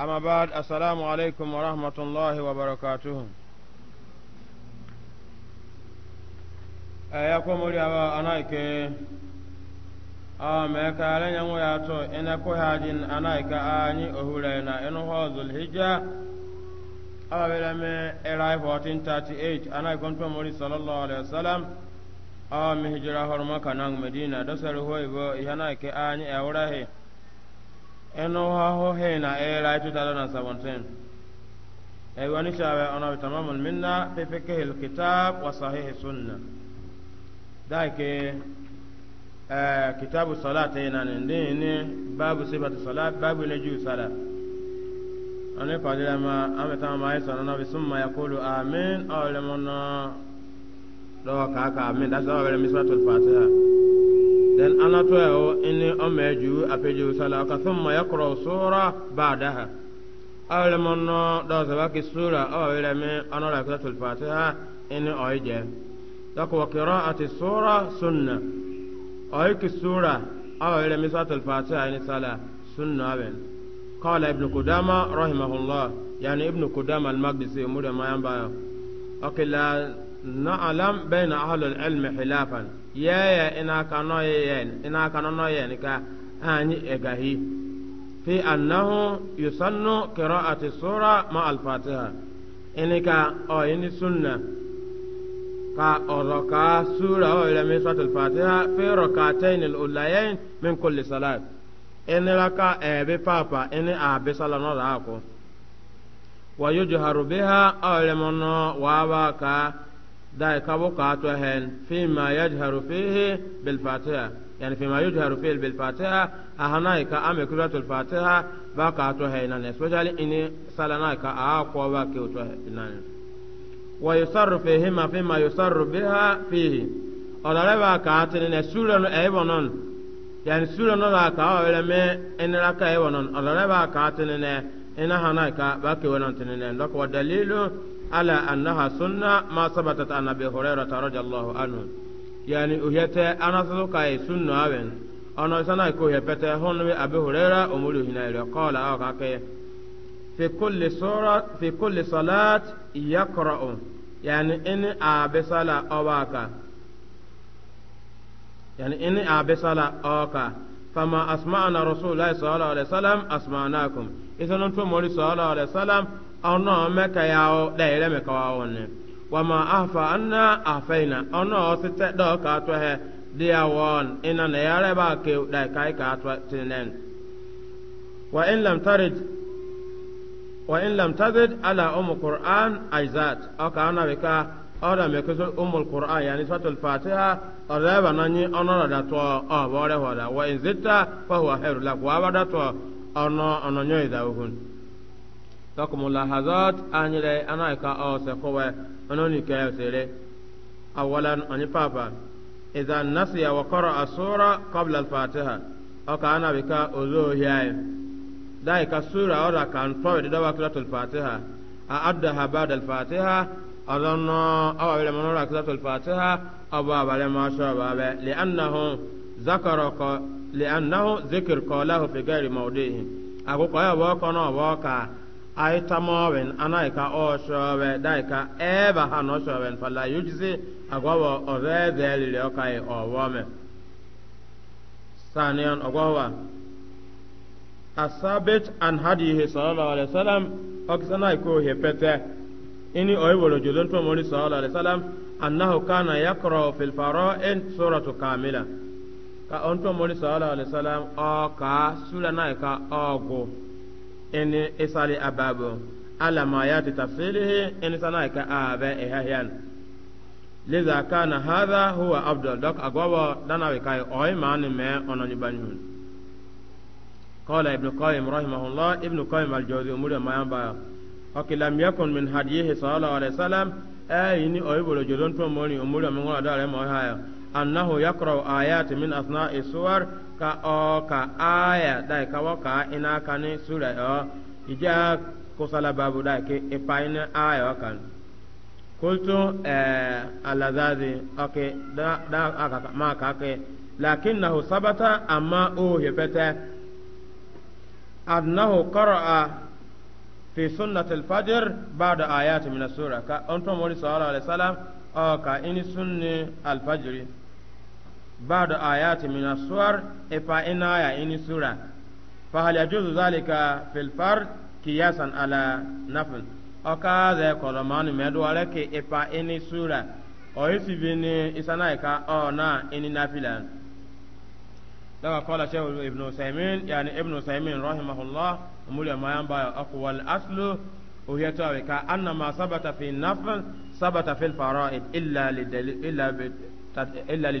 أما بعد السلام عليكم ورحمة الله وبركاته أيكم اليابا أنايك أما كالن يمو ياتو إن كهاجين أنايك آني أهولينا إنه ذو الهجة أما بلما إلهي 1438 أنايك كنت مولي صلى الله عليه وسلم أما هجرة هرمك نang مدينة دسر هو إبو إهنايك آني أوراهي eno ha ho he na era 2017 aiwani shawe ona bi tamamul minna fi fiqh al kitab wa sahih sunna da ke e, kitabu salat e na ne ne babu sifatu salat babu ne ju salat ane padila ma ameta ma isa e na bi summa yaqulu amin aw lamana lọ́wọ́ kàákà mi lásán ọ̀rẹ́ mi sọ́tò fàtíhà. then anatọ́ ẹ̀ wọ́n ẹni ọmọ ẹ̀jú apẹ̀jú sọ́la ọ̀kà fún mọ̀ ẹ̀kọ́rọ̀ sọ́ra bá a dá ha. ọ̀rẹ́ mi nọ dọ́sẹ̀ wá kí sọ́ra ọ̀rẹ́ mi ọ̀nà rẹ̀ sọ́tò fàtíhà ẹni sunna ọ̀yẹ́ kí sọ́ra ọ̀rẹ́ mi sọ́tò fàtíhà ẹni sọ́la sunna wẹ̀. ibn kudama rahimahullah yaani ibn kudama al-magdisi mudama yambayo. okay, نعلم بين أهل العلم خلافا يا يا إنا كنا يين إنا كنا ين كا أني إجاهي في أنه يسن قراءة السورة مع الفاتحة إنك أو إن سنة كا أركا سورة أو إلى سورة الفاتحة في ركعتين الأوليين من كل صلاة إن لك أبي بابا إن أبي صلى الله عليه ويجهر بها أولمنا وابا كا داي كابو كاتو هن فيما يجهر فيه بالفاتحة يعني فيما يجهر فيه بالفاتحة أهناي كأمي كرة الفاتحة باكاتو هنان especially إني سالناي كأقوى باكيوتو هنان ويصر فيهما فيما يصر بها فيه ọ̀dọ̀lẹ́bà kàátìní ní ṣúlẹ̀nù ẹ̀yìnbọn náà yẹn ṣúlẹ̀nù là ká ọ̀rẹ́ mi ẹnira ká ẹ̀yìnbọn ba ọ̀dọ̀lẹ́bà kàátìní ní iná hàn náà ká bákẹ́wọ̀n náà tìní ní ẹ̀ńdọ́kọ̀ wọ́n dalilu على أنها سنة ما ثبتت عن أبي هريرة رضي الله عنه يعني أهيت أنا سلوك أي سنة أبن أنا سنة كوهي بتا هون أبي هريرة أمولو هنا قال أوكاكي في كل سورة في كل صلاة يقرأ يعني إن أبي صلاة أواكا يعني إن أبي صلاة أوكا فما أسمعنا رسول الله صلى الله عليه وسلم أسمعناكم إذا نتو مولي صلى الله عليه وسلم ono meka yao deire meka waone wama afa anna afaina ono osite do ka atwehe dia won ina ne yare ba ke dai kai ka atwa tinen wa in lam tarid wa in lam tazid ala um qur'an aizat aka ana beka ora me ko umul qur'an yani suratul fatiha ora ba nanyi ono da to o oh, bore hoda wa in zitta fa huwa khairul lak wa ba da to ono ono nyoida uhun takumula hazat anyere anaika ose kowe anoni ke sere awalan ani papa idha nasiya wa qara'a sura qabla fatiha aka ana bika ozo hiyaye dai ka sura ora kan to de dawa fatiha a addaha ba'da al-fatiha adanna awa bele manora kratul fatiha aba bale ma sha babe li annahu zakara li annahu dhikr qawlahu fi ghairi mawdihi akoko ya wa kana wa ay tamowen anay ka o showe dai ka eba ha no fala yujzi agwawo ove deli o kai o wome sanion asabit an hadihi sallallahu alaihi wasallam okisana ko hepete ini oywolo jolon to mori sallallahu alaihi wasallam annahu kana yaqra fil fara'in suratu kamila ka onto mori sallallahu alaihi wasallam o ka sura na ka in isali ababu ala ma ya ta tafsirihi in sana ka abe ihahyan liza kana hadha huwa abdul dok agwabo dana we kai oy mani me ononi banyun qala ibn qayyim rahimahullah ibn qayyim al-jawzi umur ma yamba akilam yakun min hadihi sallallahu alaihi wasallam ayini oy bolo jodon to moni umur ma ngola dare mo haya annahu yaqra ayati min asna'i suwar ka o ka aya dai ka wa ka ina ka ni sura o ija kusala babu dai ke ipaine aya kan kultu eh alazazi okay da da aka ma ka ke lakinnahu sabata amma o yefete annahu qara'a fi sunnati al-fajr ba'da ayati min as-sura ka onto mori sallallahu alaihi wasallam ka ini sunni al-fajr بعد آيات من السور إفا آية إن سورة فهل يجوز ذلك في الفرد قياسا على نفل أكاذا كرمان مدوالك إفا إن سورة ويسي بني إسانايكا أو نا إن نافلا daga kola shehu ibn usaimin yani ibn usaimin rahimahullah mulya mayan baya aku wal aslu uhiyata wa ka anna ma sabata fi nafl sabata fil fara'id illa li dalil illa bi illa li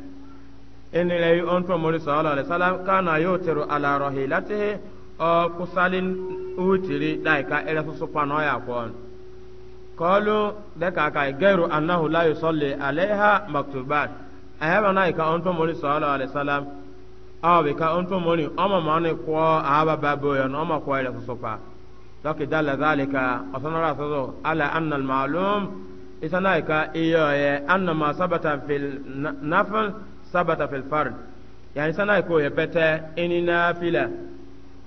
ene la yi on to mori sallallahu alaihi wasallam kana yotiru ala rahilatihi o kusalin utiri dai ka ere su pano ya kon kolu de ka ka gairu annahu la yusalli alaiha maktubat ayaba na ka on to mori sallallahu alaihi wasallam awe ka on to mori o ma ma ne ko aba babo ya no ma ko ere su pa لكن دل ذلك أصنع على أن sabata fil fard yani sana ko ye pete ini nafila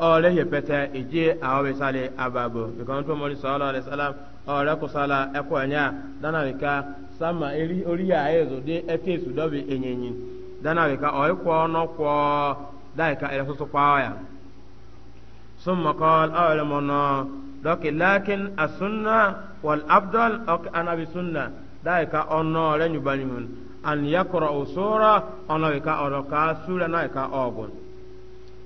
ole ye pete ije awe sale abago because to mori sallallahu alaihi wasallam ole ko sala e ko nya dana wika sama eri ori ya ezo de ekesu dobi enyenyin dana wika oy ko no ko dai ka ele so kwa ya ثم قال أعلم أنه لكن السنة والأفضل أنا بسنة ذلك أنه لن يبالي an yaqra'u sura ono ka oro sura na ka ogun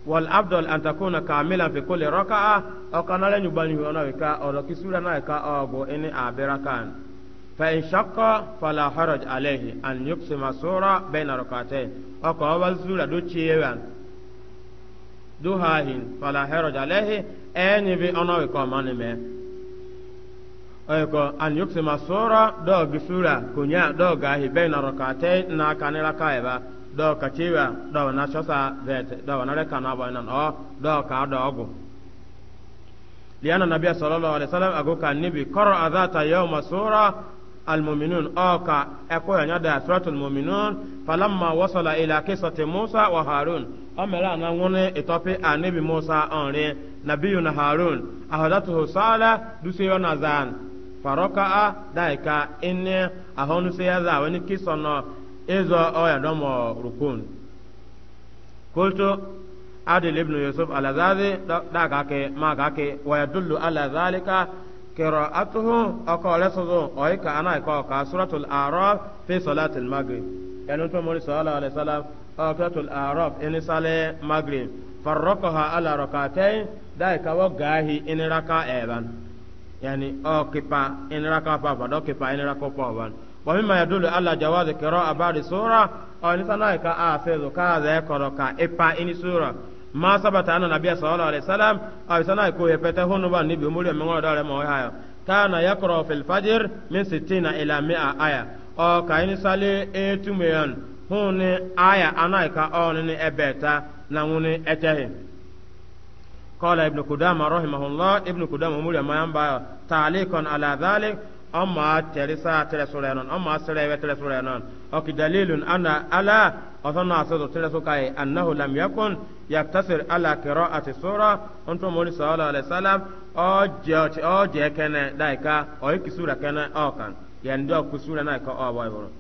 wal afdal an takuna kamilan fi kulli raka'a o kana le nyubani ono ka oro sura na ka ogun ini abirakan fa in shaqqa fala haraj alayhi an yuqsima sura bayna rak'atayn o ko wal sura do chewan do hahin fala haraj alayhi eni bi ono ko manime ko an yuksima sura do gisura kunya do gahi baina rakatay na kanira kaiba do kachiwa do na shosa zete do na reka na ba nan o do ka do ogu liana nabiyya sallallahu alaihi wasallam ago kan nibi qara zata yawma sura المؤمنون أوكا أكو muminun سورة wasala فلما وصل إلى قصة موسى وهارون أملا نغون إتوبي النبي موسى أنري نبينا هارون أهدته صالة دوسيونا زان faroka a daika inni ahonu sai ya za wani kisan na izo oya domo rukun kultu adil ibn yusuf alazazi da kake ma kake wa yadullu ala zalika qira'atuhu aqala sazu oika ana ka ka suratul a'raf fi salatil maghrib yanu to mori sallallahu alaihi wasallam suratul a'raf in sale maghrib farraqaha ala rak'atayn daika wa gahi in raka'a yani o kipa inra ka pa do kipa inra ko pa wan wa mimma yadullu ala jawazi qira'a ba'di sura o ni sana ka a se zo ka za ko ka ipa ini sura ma sabata anna nabiyya sallallahu alaihi wasallam o sana ko ye pete hunu ban ni bi muri me ngoro dare mo hayo kana yaqra fil fajr min 60 ila 100 aya o ka ini sale etumeyan hunu aya anaika o ni ebeta na nguni etehin قال ابن قدامة رحمه الله ابن قدامة مولى ما ينبع تعليقا على ذلك أما ترسا ترسولان أما سليوة تلسولانون او دليل أن ألا أظن أصدر تلسوكاي أنه لم يكن يقتصر على قراءة السورة انت مولى صلى الله عليه وسلم أو جوت أو جكن دايكا أو كسوره كان أو كان يعني دو كسورة نايكا أو بايبرون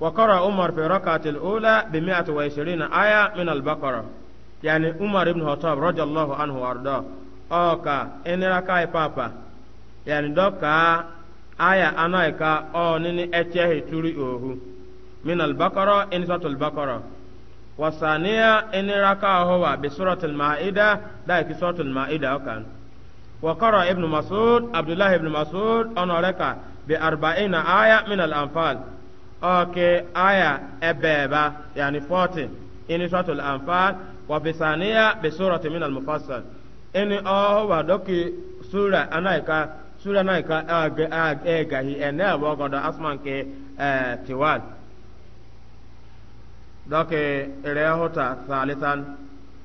وقرأ عمر في الركعة الأولى ب 120 آية من البقرة yani umar ibn khattab radiyallahu anhu warda oka enira kai e papa yani doka aya anaika o nini echehi turi ohu min al-baqara in suratul baqara wasaniya enira ka huwa bi suratul maida da ki suratul maida okan wa qara ibn mas'ud abdullah ibn mas'ud onoreka bi arba'ina aya min al-anfal oke aya ebeba yani 40 in suratul anfal wa bisaniya bi surati min al mufassal ini o wa doki sura anaika sura naika aga aga e gahi ene abo godo asman ke e, tiwal doki ire hota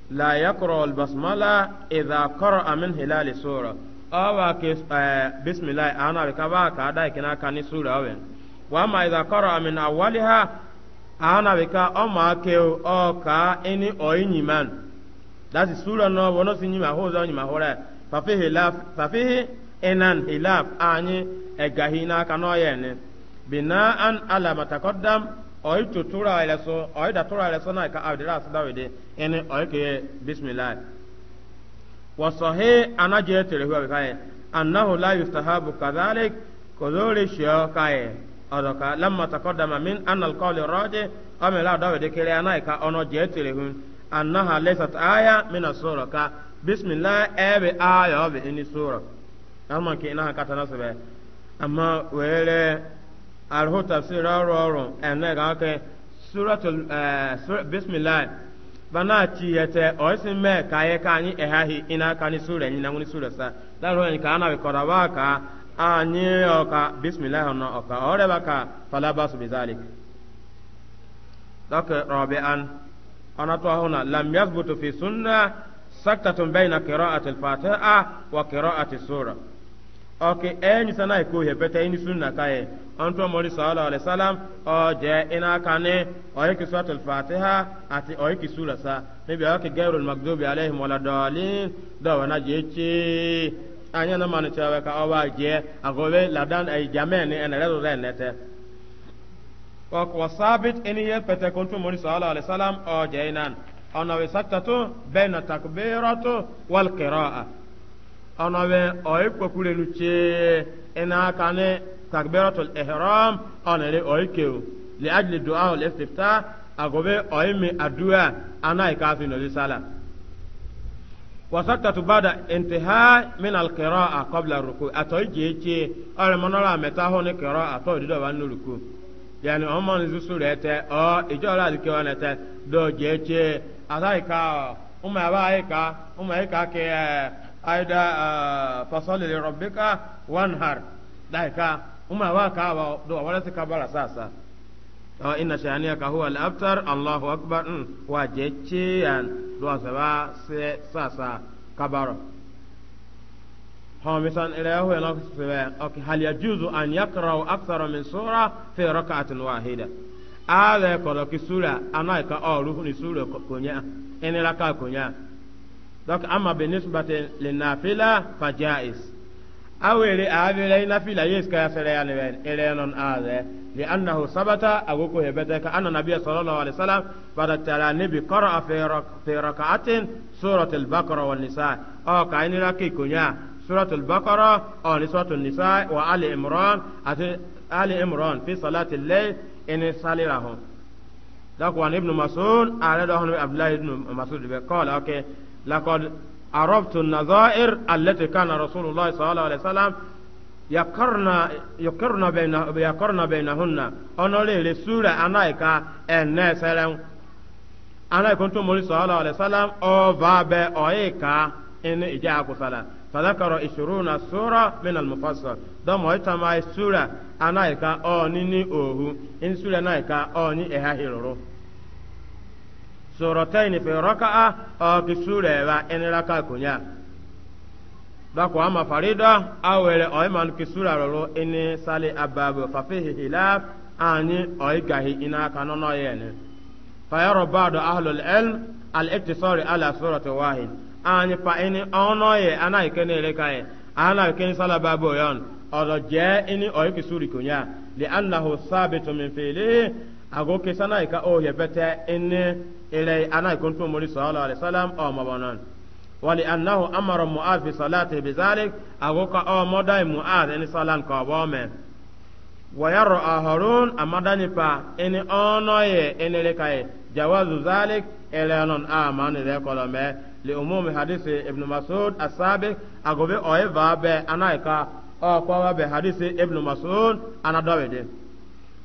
la yakro albasmala basmala idha qara min hilal sura awa ke e, bismillah ana ka ba ka dai kina kani sura wen wa ma idha amin awali awwaliha ana bika ọma ake ọka ini oinyiman that dasị sura no wono si nyima ho za nyima hore fafi hilaf fafi enan hilaf anyi egahi na aka no ye ne bina an ala mataqaddam oy tutura ile so oy da tura ile so na ka awdira asda wede ini oy ke bismillah wa sahih anaje tere huwa bikaye annahu la yustahabu kadhalik kodore shio ya. ọdọka lamma takọdama min anal kọli rọji ọmọlá ọdọwẹ dekere anayi ka ọnọ jẹ tere hun anaha lesat aya mina sọrọ ka bisimilahi ẹbi aya ọbi ẹni sọrọ ama nke ina kata na sọbẹ ama wẹrẹ arhu tafsir ọrụ ọrụ ẹnẹ ka ọkẹ suratul ẹ eh, uh, bisimilahi bana tiyete ọyisi mẹ ka ayẹ ka anyị ẹhahi ina ka ni sura ẹnyina nwuni sura sa lọrọ ẹni ka ana bi kọrọ wa ka. anyi ọka bisimilahi ọna ọka ọrẹ bá ka falaba subizali dọkị rọbi an ọna tó ọhụrụ na lam yasbutu fi sunna saktatun bẹyì na kẹrọ àti fatiha wa kẹrọ àti sura ọkị ẹni e sanà ikú ihe pẹtẹ ẹni sunna káyẹ e. ọntọ mọri sọlọ alẹ salam ọjẹ iná kani ọyíkì sọtì fatiha àti ọyíkì sura sa níbi ọkị gẹrù magdobi alẹ himola dọọlin dọwọ na jẹ anya na mani tewe ka owa je agobe ladan ay jamen en redo re nete wa wa sabit en ye pete kontu moni sallallahu alaihi wasallam o jeinan ona we sattatu baina takbiratu wal qira'a ona we o ipokure nu ina kane takbiratul ihram ona le o ikeu li ajli du'a al istiftah agobe o imi adua ana ikafi no sala wasattatu bada intiha min alqiraa qabla ruku atoy jeche ore monora meta ho ni qira atoy dido ban ruku yani on man zu surete o ijora dike wanete do jeche azai ka umma ba ai ka umma ai ka ke aida fasali li rabbika wanhar dai ka umma ba ka do wala se kabara sasa awa inna shaniya ka huwa al-abtar allahu akbar n hmm, wa jece yan do asaba se sasa kabaro hon misan ila hu yana sebe ok hal yajuzu an yaqra'u akthara min sura fi rak'atin wahida ala ko do ki sura anai ka oru ni sura konya enira ka konya dok amma bi nisbati lin nafila fa jaiz awere abere na fila yes ka sere ya lebe ere non aze li annahu sabata agoko hebeta ka anna nabiy sallallahu alaihi wasallam bada tara bi qara fi rak'atin surat al-baqara wan nisa o ka ini raki kunya surat al-baqara o ni surat nisa wa ali imran ati ali imran fi salati al-layl in salirahu dakwa ibn mas'ud ala dahu abdullah ibn mas'ud be qala okay laqad عرفت النظائر التي كان رسول الله صلى الله عليه وسلم يقرن يقرن بين يقرن بينهن انا لي سوره انا كا ان سلام انا كنت مولى صلى الله عليه وسلم او باب اويكا ان اجاكو صلاه فذكر 20 سوره من المفصل ده مويتا ما سوره انا كا او نيني اوهو ان سوره انا كا او ني اهاهيرو sorotain fi raka'a oki sura ba in raka kunya dako ama farida awere oiman ki sura roro sali ababu fa fihi hilaf ani oigahi ina kanono yene fa yaro ba'du ahlul ilm al-iktisari ala surati wahid ani fa ini ono ye ana ikene reka ana ikene sala babu yon ọ̀rọ̀ jẹ́ ẹni ọ̀yẹ́ kìí súrì kò yá lè anahu sábẹ̀ tó mi fèlè àgókè sanáyìí ká ó yẹ ilẹ̀ anáìkúntún mọ́rí sọ́ọ́lọ́ alẹ́sálàm ọmọbọ̀nán wàlí anáhù amọ̀rọ̀ mu'ad fi sọ́láàtì bizalik àgùkọ ọmọdáì mu'ad ẹni sọ́lán kọ̀ bọ́ mẹ́. wọ́yọ̀rọ̀ ọ̀họ̀rún amadanipa ẹni ọ̀nà yẹ ẹni lẹ́kàyẹ jawazu zalik ẹlẹ́nọ̀n àmàni lẹ́kọ̀lọ́ mẹ́ lè umumi hadisi ibn masud asabi àgùbí ọ̀yẹ́fà bẹ́ anáìka ọ̀kọ́wà bẹ́ hadisi ibn masud anadọ́wẹ̀dẹ́.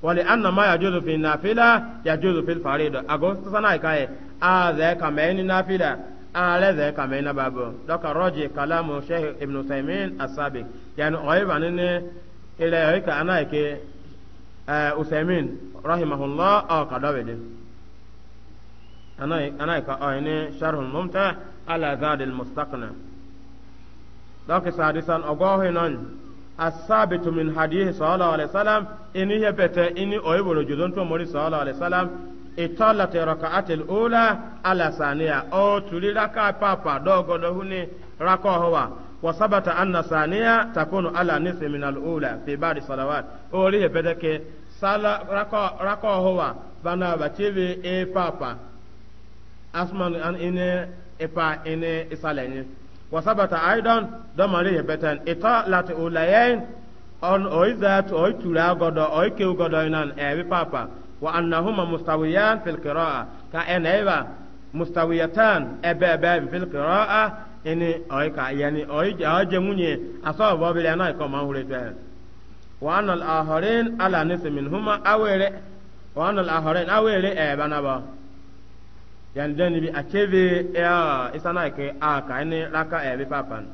ولأن ما يجوز في النافلة يجوز في الفريضة أقول سنة كاي هذا كمان نافلة هذا كمان بابو دوك رجي كلام شيخ ابن سيمين السابق يعني غيب أنني إلى هيك أنا كي آه، أسيمين رحمه الله أو كدابد أنا أنا كأيني آه، شرح ممتع على ذات المستقنع دوك سادسا أقوه نون الثابت من حديث صلى الله عليه وسلم إن يبت إن أيبر جدون تمر صلى الله عليه وسلم إطالة ركعة الأولى على ثانية أو تولي ركعة بابا دوغو دهوني ركعة هو وثبت أن ثانية تكون على نصف من الأولى في بعض الصلوات أولي يبتك صلاة ركعة هو بنا بتيبي إيه بابا أسمان أن إني إبا إني إساليني وثبت أيضا دم عليه بتن إطالة أوليين أن أي ذات أي تلا قد أي كيو قد إنان أبي بابا وأنهما مستويان في القراءة كأن أيضا مستويتان أبي أبي في القراءة إني أي كا يعني أي أي جموني أصاب بابل أنا يكما هو وأن الآخرين على نس منهما أولي وأن الآخرين أولي أبنا بابا yani dani bi acheve ya isana ke aka ni raka e bi papan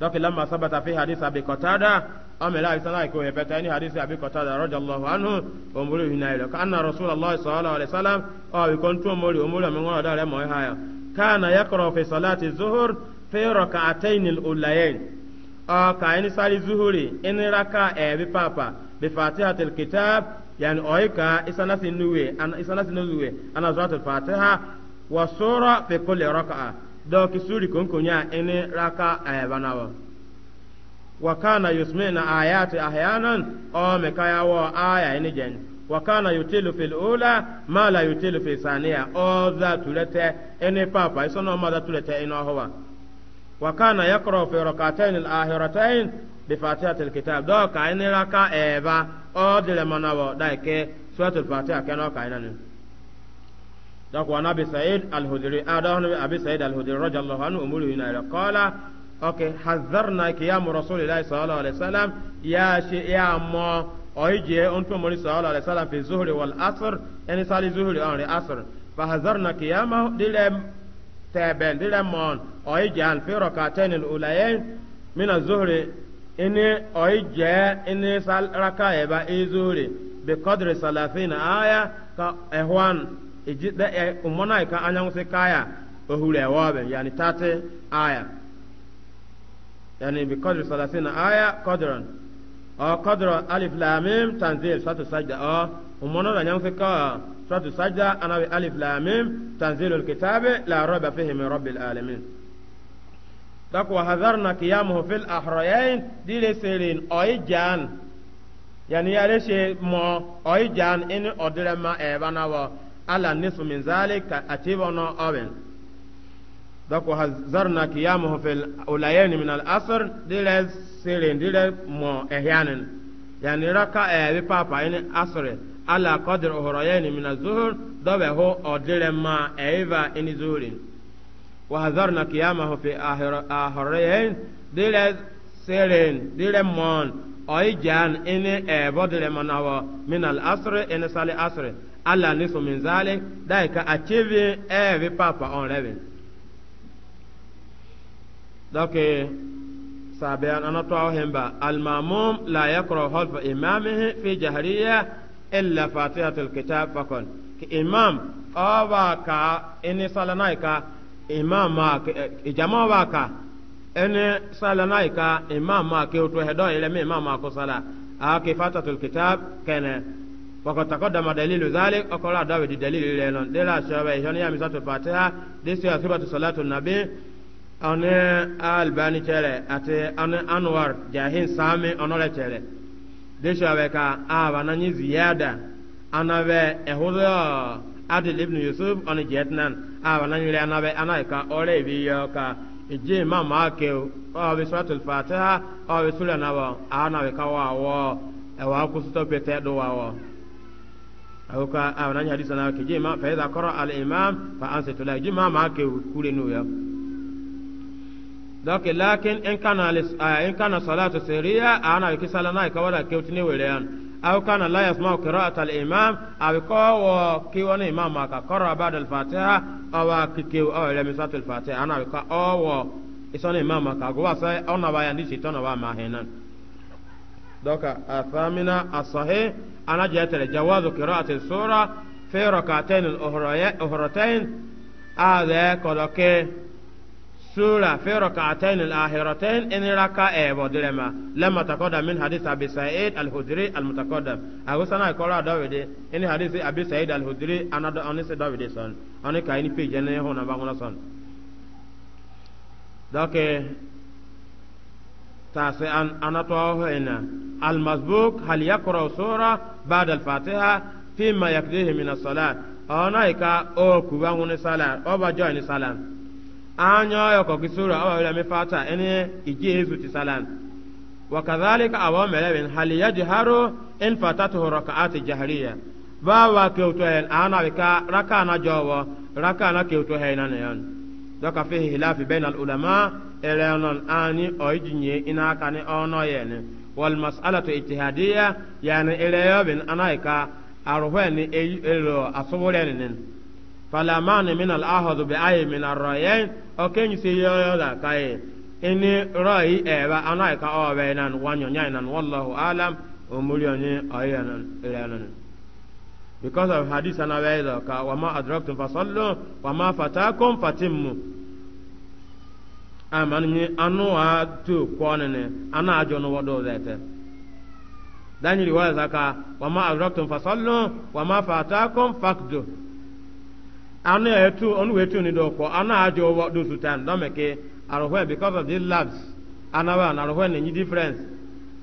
donc lamma sabata fi hadith abi qatada amela isana ke e beta ni hadith abi qatada radiyallahu anhu o mulu hinailo ka anna rasulullah sallallahu alaihi wasallam o bi kontu mulu mulu mi ngona dare mo haya kana yakra fi salati zuhur fi rak'atayn al-ulayayn o ka ni sari zuhuri in raka e bi papa bi fatihatil yani oika isana sinuwe ana isana sinuwe ana zuratul fatiha wa sura fi kulli raka'a do kisuri konkonya ene raka ayabanawo wa kana yusmina ayati ahyanan o mekaya wo aya ene jen wa kana yutilu fil ula ma la yutilu fi saniya o za tulete ene papa isono ma za tulete ene howa wa kana yaqra fi rak'atayn al-akhiratayn bi fatihatil kitab do ka ene raka eba odile manabo daike suratul fatiha keno kainani dako an abi sa'id al-hudri adahnu abi sa'id al-hudri radiyallahu anhu umuru hina qala okay hazzarna kiyamu rasulillahi sallallahu alaihi wasallam ya shi ya mo oije onto mori sallallahu alaihi wasallam fi zuhri wal asr yani sali zuhri on asr fa hazzarna kiyama dile teben dile mon oije al fi rak'atayn al-ulayayn min ini oyi jɛ ini raka yaba izuri bi kɔdiri salafina aya ka ehwan iji e umona umana ka anyanwusi kaya ohuri ɛwɔbɛ yani tati aya yani bi kɔdiri salafina aya kɔdiran ɔ kɔdiran alif lamim tanzil sɔtu sajda ɔ umana la anyanwusi kaya sɔtu sajda anabi alif lamim tanzilul kitabe la rɔba fihimi rabbil alamin. dako wa hadharna qiyamahu fil ahrayain dile serin oy jan yani yare she mo oy jan in odire ma e bana wa ala nisfu min zalika atiba no oben dako hadharna qiyamahu fil ulayain min al asr dile serin dile mo ehyanin yani raka e bi papa in asr ala qadr uhrayain min az-zuhr dawe ho odire ma e in zuhrin وهذرنا قيامه في آخر آخرين دل سيرين دل مون أي جان إن أبدل منه من الأسر إن سال أسر ألا نسو من ذلك دايك أتشيفي أبي بابا أون لبن دوك سابعا أنا توهم الماموم لا يقرأ خلف إمامه في جهرية إلا فاتحة الكتاب فقط كإمام أبا كا إني سالنايكا imam ma ijama wa ka ene sala na ka imam ma ke to hedo ile mi imam ma ko sala a ke fatatul kitab kana faqad taqaddama dalilu zalik aqala dawi di dalilu ile non de la shaba ihon ya misatu fatiha de si asibatu salatu nabi ane albani chere ate ane anwar jahin sami onole chere de shaba ka aba na nyi ziyada anawe ehudo adil ibn yusuf on jetnan abananyere anabe anayika ọrẹ ibi yọ ka eje ma ma ke o ọbi suratul fatiha ọbi sura nabọ anabe ka wa wọ ẹwà kusutọ pete do wa wọ awo ka hadisa na ke eje ma fẹ ẹza imam fa ansa tola eje ma ma ke o kure nu yọ. dɔki lakin eh, in kana salatu siriya ana kisa lana ikawara kewtini wele yan أو كان لا يسمع قراءة الإمام أو كو كيوان إمام أكا قرأ بعد الفاتحة أو كيو أو لمسات الفاتحة أنا بكا أو إسان إمام أكا قوة ساي أو نبايا نيشي تنبا ماهينا دوكا الثامنة الصحيح أنا جاءت جواز قراءة السورة في ركعتين الأخرتين هذا كدوكي sura fi rak'atayn al-akhiratayn in raka e bodirema lamma taqaddam min hadith abi sa'id al-hudri al-mutaqaddam aw sana kola dawide in hadith abi sa'id al-hudri anado onis dawide son oni kai ni page ne ho na bangona son dake tase an anato ho ina al-masbuk hal yaqra sura ba'da al-fatiha fima yakdihi min as-salat ona ka o kubangu ni salat o ba join salam anya ya ko gisura awa la mi fata ene ije yesu ti salan wa kadhalika awa melebin hal yajharu in fatatuhu rak'at jahriya ba wa ke to en ana be ka raka na jowo raka na ke to hayna ne yon doka fi hilaf bain al ulama ila non ani o jinye ina ka ne ono yene wal tu ijtihadiyya yani ila yobin ana ka arwen elo asubulenen fala mani min al ahadu bi ayi min al rayen o kenyi si yoyo da kai ini rayi eba anai ka o be nan wanyo nyai nan wallahu alam o mulyo ni ilanan because of hadith ana wa ila ka wa ma adraktum fasallu wa ma fatakum fatimmu aman ni anu a tu kwanene ana ajo no wodo zete dani riwaya zaka wa ma adraktum fasallu wa ma fatakum fakdu ana etu onu wetu ni do ko ana ajo wo do sutan do meke because of these labs ana wa na arho e, ni difference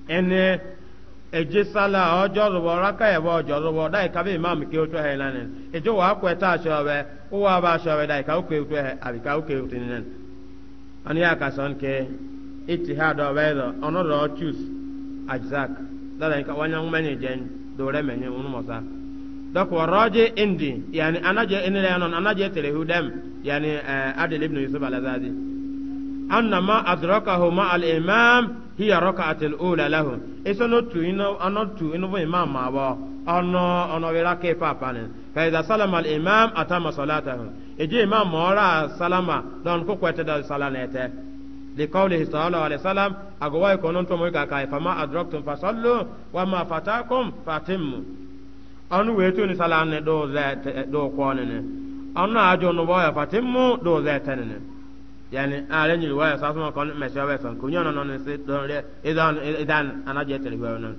eh, ene eje sala ojo rubo raka e bo ojo rubo dai ka be imam ke he wa ko eta aso be o wa ba aso dai ka o ke oto he abi ka o ke oto ni nen ani ya ka son ke choose do re donc waraje indi yani anaje enile anon anaje telehu dem yani uh, adil ibn yusuf al-azadi anna ma adrakahu ma al-imam hiya rak'at al-ula lahu tu ino ano tu ino bo imam ma bo ono ono wera ke papa ne fa iza salama al-imam atama salatahu eje imam mora salama don ko kwete da salanete لقوله صلى الله عليه وسلم أقوى يكونون تمويكا كاي فما أدركتم فصلوا وما فتاكم فاتموا anu wetu ni salane do zete do kwanene anu ajo no boya fatimu do zete nene yani ale ni waya sasuma kon mesha we san kunyo no no se don re idan idan ana jete ri wewe non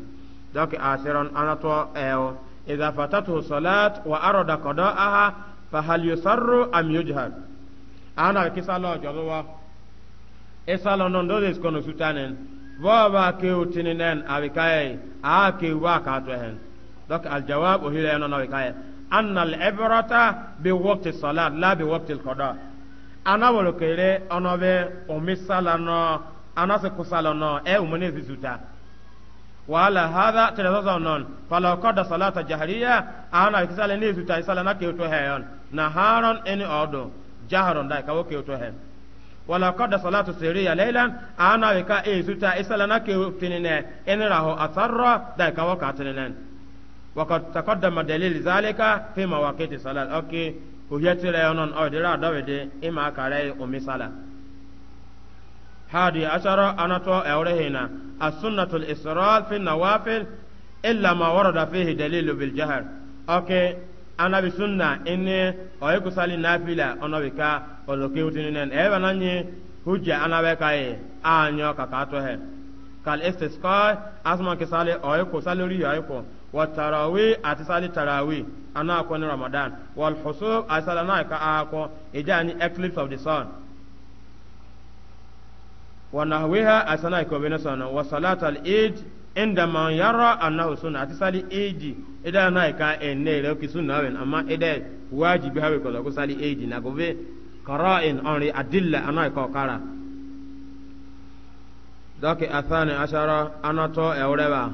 donc asiron ana to eo idha fatatu salat wa arada qada'aha fa hal yusarru am yujhad ana kisalo jolwa isa non do des kono sutanen wa ba ke utinen abikaye a ke wa ka to hen donc aljawab o hira yana kaye anna al ibrata bi waqti salat la bi waqti al qada ana wolo kere ono be o misala no ana se kusala no e umene zisuta wala hadha tirazaza non fala qada salata jahriya ana kisala ne zisuta isala na ke to heyon na haron eni odo jaharon dai kawo ke to heyon wala qada salatu sirriya laylan ana wika e zisuta isala na ke tinine eniraho asarra dai kawo ka tininen وقد تقدم دليل ذلك في مواقيت الصلاة أوكي ويأتي ليونون أو دلا دويدي إما كالي أمي صلاة هذه عشرة أنا تو أورهنا السنة الإسرار في النوافل إلا ما ورد فيه دليل بالجهر أوكي أنا بسنة إني أيكو صلي نافلة أنا بكا أولوكي وتنين إيبا ناني hujja ana bɛ ka ye a ɲɔ ka k'a to hɛ kal istisqa asma kisale ɔye ko salori ɔye ko والتراوي أتسالي تراوي أنا أكون رمضان والحصوب أتسالي أنا أكون إجاني eclipse of the sun ونحوها أتسالي كوبين سنة وصلاة الإيد عندما يرى أنه سنة أتسالي إيدي إذا أنا أكون إني لو كسنة أما إذا واجب هاوي كلا كسالي إيدي نقوبي قرائن أنري أدلة أنا أكون قرأ ذاك أثاني عشرة أنا تو أوليبا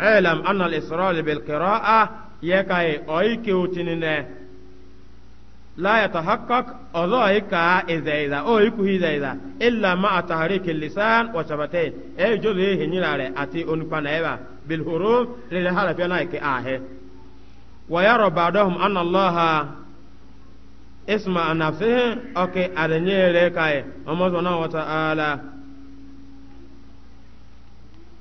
اعلم أن الاسرار بالقراءة يكاي أويكي وتنين لا يتحقق اذايكا إذا إذا أويكو إذا إذا إلا مع تحريك اللسان وشفتين أي جزء هنيرة أتي أنفان إيبا بالحروف للحرف ينايك آه ويرى بعضهم أن الله اسم نفسه أوكي أدنيه لكاي ومزونا وتعالى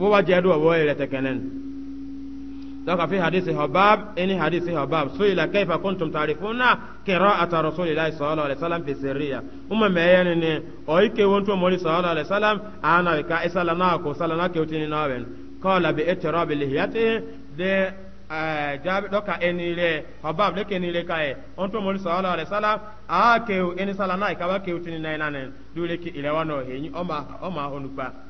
wo wa jɛ do wo yɛrɛ tɛ kɛnɛ fi hadisi habab ini hadisi habab suila kaifa kuntum ta'rifuna qira'ata rasulillahi sallallahu alaihi wasallam fi sirriya umma me yani ne o ike wonto mori sallallahu alaihi wasallam ana ka isala na ko sala na ke utini na wen qala bi itirab lihiyati de eh, jaabi dɔka enire habab de kenire kaye onto mori sallallahu alaihi wasallam a ke ini sala na ka ba ke utini na ina ne dule ki ile wano henyi oma oma honupa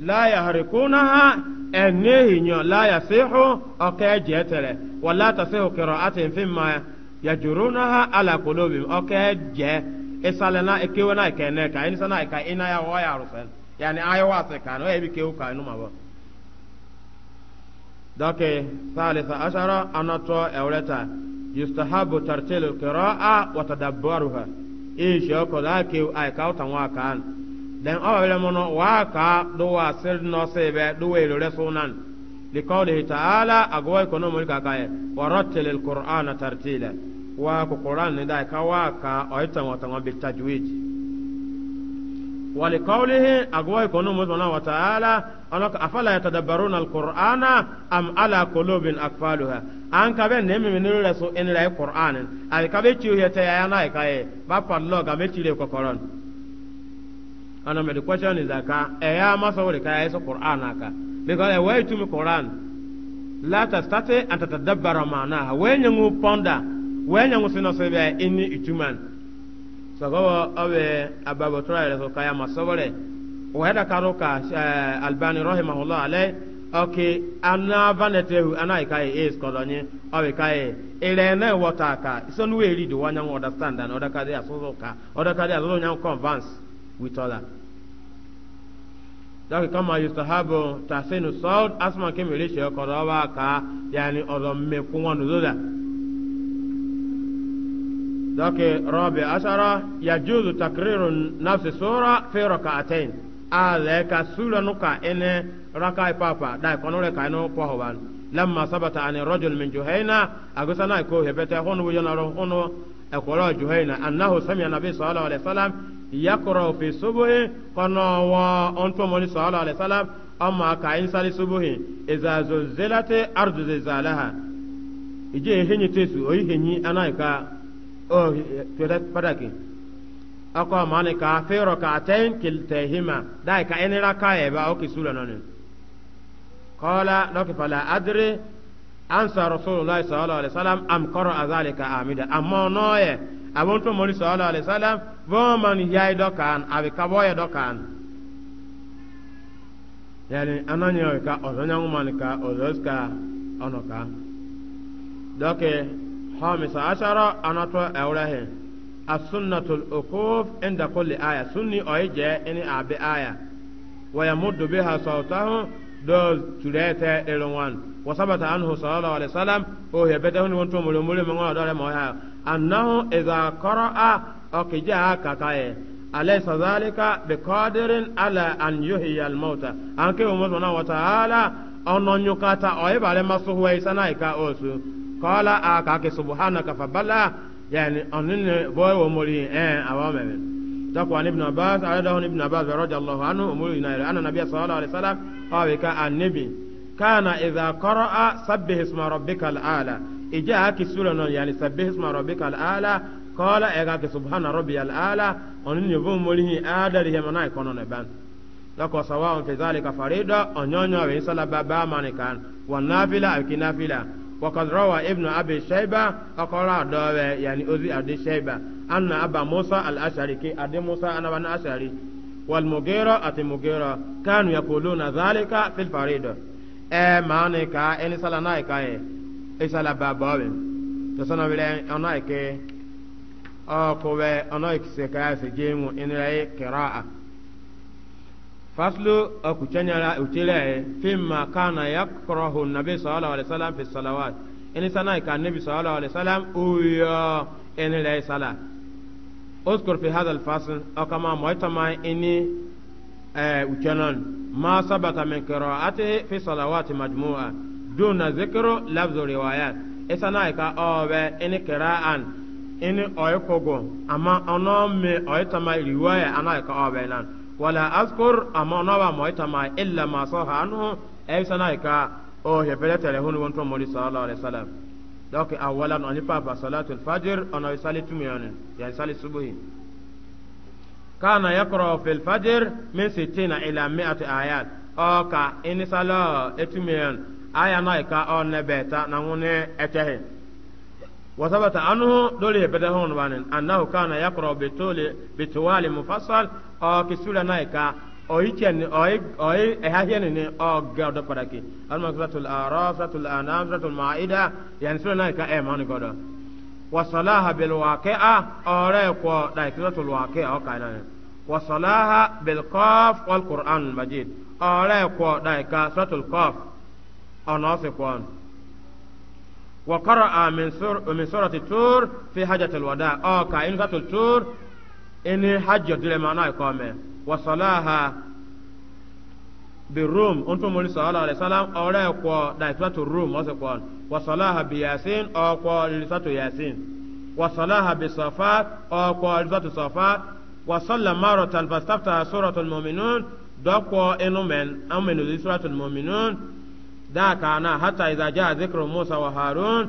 la yaharikunaha enehinyo la yasihu oke jetere wala ta ma tasihu qira'atin fimma yajurunaha ala qulubihim oke je isalena ekewena ikene ka na ka ina ya ya yarusen yani ayo wase kan o ebi kewu ka inu mabo dake thalitha ashara anato ewreta yustahabu tartilu qira'a wa tadabbaruha ishi oko da kewu ay ka utanwa kan den awele oh, mono wa ka do wa sir no sebe do we lo sunan li qawlihi ta'ala agwa ko no mul ka kae wa rattil al qur'ana tartila wa ko qur'an ne dai ka wa ka o ita wa ta bi tajwid wa li qawlihi agwa ko no mul wa ta'ala anaka afala yatadabbaruna al qur'ana am ala qulubin akfaluha an ka be ne mi ni resu in la qur'anin al ka be ci yete ya na ka ba pallo ga me ci ko qur'an ana me the question is aka e ya masa wuri ka yeso qur'an aka because e way qur'an la tastati an ma'ana wenye ngu ponda wenye ngu sino sebe ituman kaya masawale waheda karuka ka eh, albani rahimahullah ana vanetehu ana ikai is e kolonye awe kai ile na aka so nu eri do wanya understand and ka with other dɔki kama yusahabu tasinu sɔɔd asuma kemele sɛ kɔdɔ b'a ka yaani ɔdɔ mɛ kuŋɔ nuzo la dɔki rɔbi asara yajuzu takiriru nafsi sora fɛrɛ ka atɛn alɛ ka sulanu ka ɛnɛ raka papa da kɔnɔrɛ ka ɛnɛ pɔhɔba lamma sabata ani rɔjul min juhɛina agusana ko hebɛtɛ hɔnu yɔnarɔ hɔnu ɛkɔrɔ juhaina annahu sami'a nabi sallallahu alaihi wasallam yakra fi subuhi kono wa onto moni sallallahu alaihi wasallam amma ka in sali subuhi iza zulzilati ardu zilzalaha ije henyi tesu oyi henyi anaika o tore padaki akwa mane ka fi rak'atain kiltahima dai ka enira ka eba o kisula nonin qala lakifala adri ansa rasulullah sallallahu alaihi wasallam am qara azalika amida amma noye abon to mori sallallahu alaihi wasallam bo man yayi dokan abi kaboye dokan yani ananya ka ozonya man ka ozoska onoka doke hamisa ashara anato awrahe as-sunnatul uquf inda kulli aya sunni oyje ini abi aya wa yamuddu biha sawtahu do turete irin wan wa sabata anhu sallallahu alaihi wasallam o he beta hun won to mulu mulu mo ngada re mo ha annahu idha qara'a aqja kakaye alaysa zalika biqadirin ala an yuhyi al mauta anke o mo wa ta'ala ononyukata o ibare masuhu isanaika osu qala akake subhanaka fabala yani onin boy wo mori eh awameme تقوى عن ابن عباس عدده ابن عباس رضي الله عنه أمور إلى أن النبي صلى الله عليه وسلم قال النبي كان إذا قرأ سبح اسم ربك الأعلى إجا هكي سورة يعني سبح اسم ربك الأعلى قال إغاك إيه سبحان ربي الأعلى أن يبون مليه آدره منا يكون نبان لكو سواء في ذلك فريدة أن ينوى ويسال بابا مانكان والنافلة أو كنافلة وقد روى ابن أبي شيبة أقرأ دوه يعني أذي أبي شيبة أن أبا موسى الأشعري كي أدي موسى أنا بن أشعري والمغيرة أت المغيرة كانوا يقولون ذلك في الفريد إيه ما أنا كا إني سال أنا إيه كا إيه, إيه سال بابين تسمع ولا أنا إيه آه، كا أو كوا أنا كا سكاي سجيم إني راي كراء فصل أكُتَّنَ يَا أُتِلَهِ فِيمَّا كَانَ يَكْرَهُ النَّبِيُّ صَلَّى اللَّهُ عَلَيْهِ وَسَلَّمَ فِي الصَّلَوَاتِ إِنِّي سَنَائِكَ النَّبِيُّ صَلَّى اللَّهُ عَلَيْهِ وَسَلَّمَ أُوَيَّ إِنِّي لَيْسَ لَهُ اذكر في هذا الفصل أو كما مؤتما إني وكنان آه، ما سبق من قراءته في صلوات مجموعة دون ذكر لفظ روايات إسانا ايكا أوبي إني قراءة إني أيكوغو أما أنا مي أيتما رواية أنا ايكا أوبي نان ولا أذكر أما أنا مؤتما إلا ما صح عنه إسانا ايكا أوه يبلت لهون وانتم مولي صلى الله عليه وسلم donc awalan oni papa salatul fajr ona sali tumiyane ya sali subuhi kana yaqra fil fajr min sittina ila mi'ati ayat o oh, ka ini sala etumiyan aya na e ka on oh, beta na ngune etehe wa sabata anhu dole ya e bada hon banin annahu kana yaqra bituli bitwali mufassal o oh, kisula na e ka oyikyɛni oyi oyi ɛhahyɛni ni ɔgɛ ɔdɔ kpadaki alima suratul araf suratul anam suratul maida yanni sura naa ka ɛɛ mɔni gɔdɔ wasalaha bilwaqi'a ɔrɛ kɔ dayi suratul waqi'a ɔkaa naa wasalaha bilqaf wal qur'an majid ɔrɛ kɔ dayi ka suratul qaf ɔnɔɔsi kɔn wakɔrɔ a min sur min surati tur fi hajjatul wada ɔkaa in suratul tur ini hajjo dile mana ikome wa salaha bi rum onto mo sallallahu alaihi wasallam ore ko da ifatu rum ose ko wa salaha bi yasin o ko lisatu yasin wa salaha bi safa o ko lisatu safa wa salla maratan fastafta suratul mu'minun do ko enu men amenu suratul mu'minun da kana hatta idza jaa dhikru musa wa harun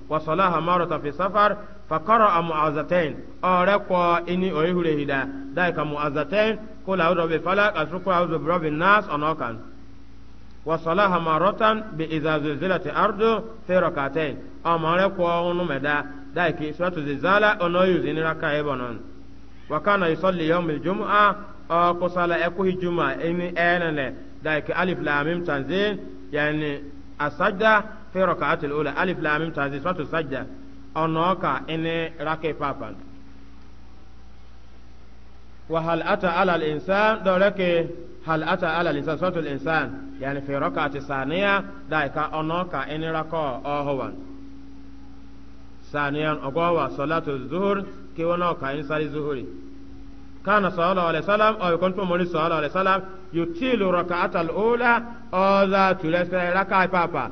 وصلاها مرة في سفر فقرأ معاذتين أرقى إني أيهره دا ذلك معاذتين قل أعوذ بفلك أسرق أعوذ برب الناس أنوكا وصلاها مرة بإذا زلزلت الأرض في ركعتين أما أرقى نمدا ذلك سورة الزلزال أنو يزين ركعي وكان يصلي يوم الجمعة أو قصال أكوه الجمعة إني أعلن ذلك ألف لاميم تنزيل يعني السجدة في ركعة الأولى ألف لام تازي تهذيب صلاة السجدة أنوكا إن راكي بابا وهل أتى على الإنسان دولك هل أتى على الإنسان صلاة الإنسان يعني في ركعة الثانية دايكا أنوكا إن راكا أهوان ثانيا أقوى صلاة الظهر كي ونوكا إن صلي الظهري كان صلى الله عليه وسلم أو يكون في مولي صلى الله عليه وسلم يتيل ركعة الأولى أو ذا تلسل ركعة بابا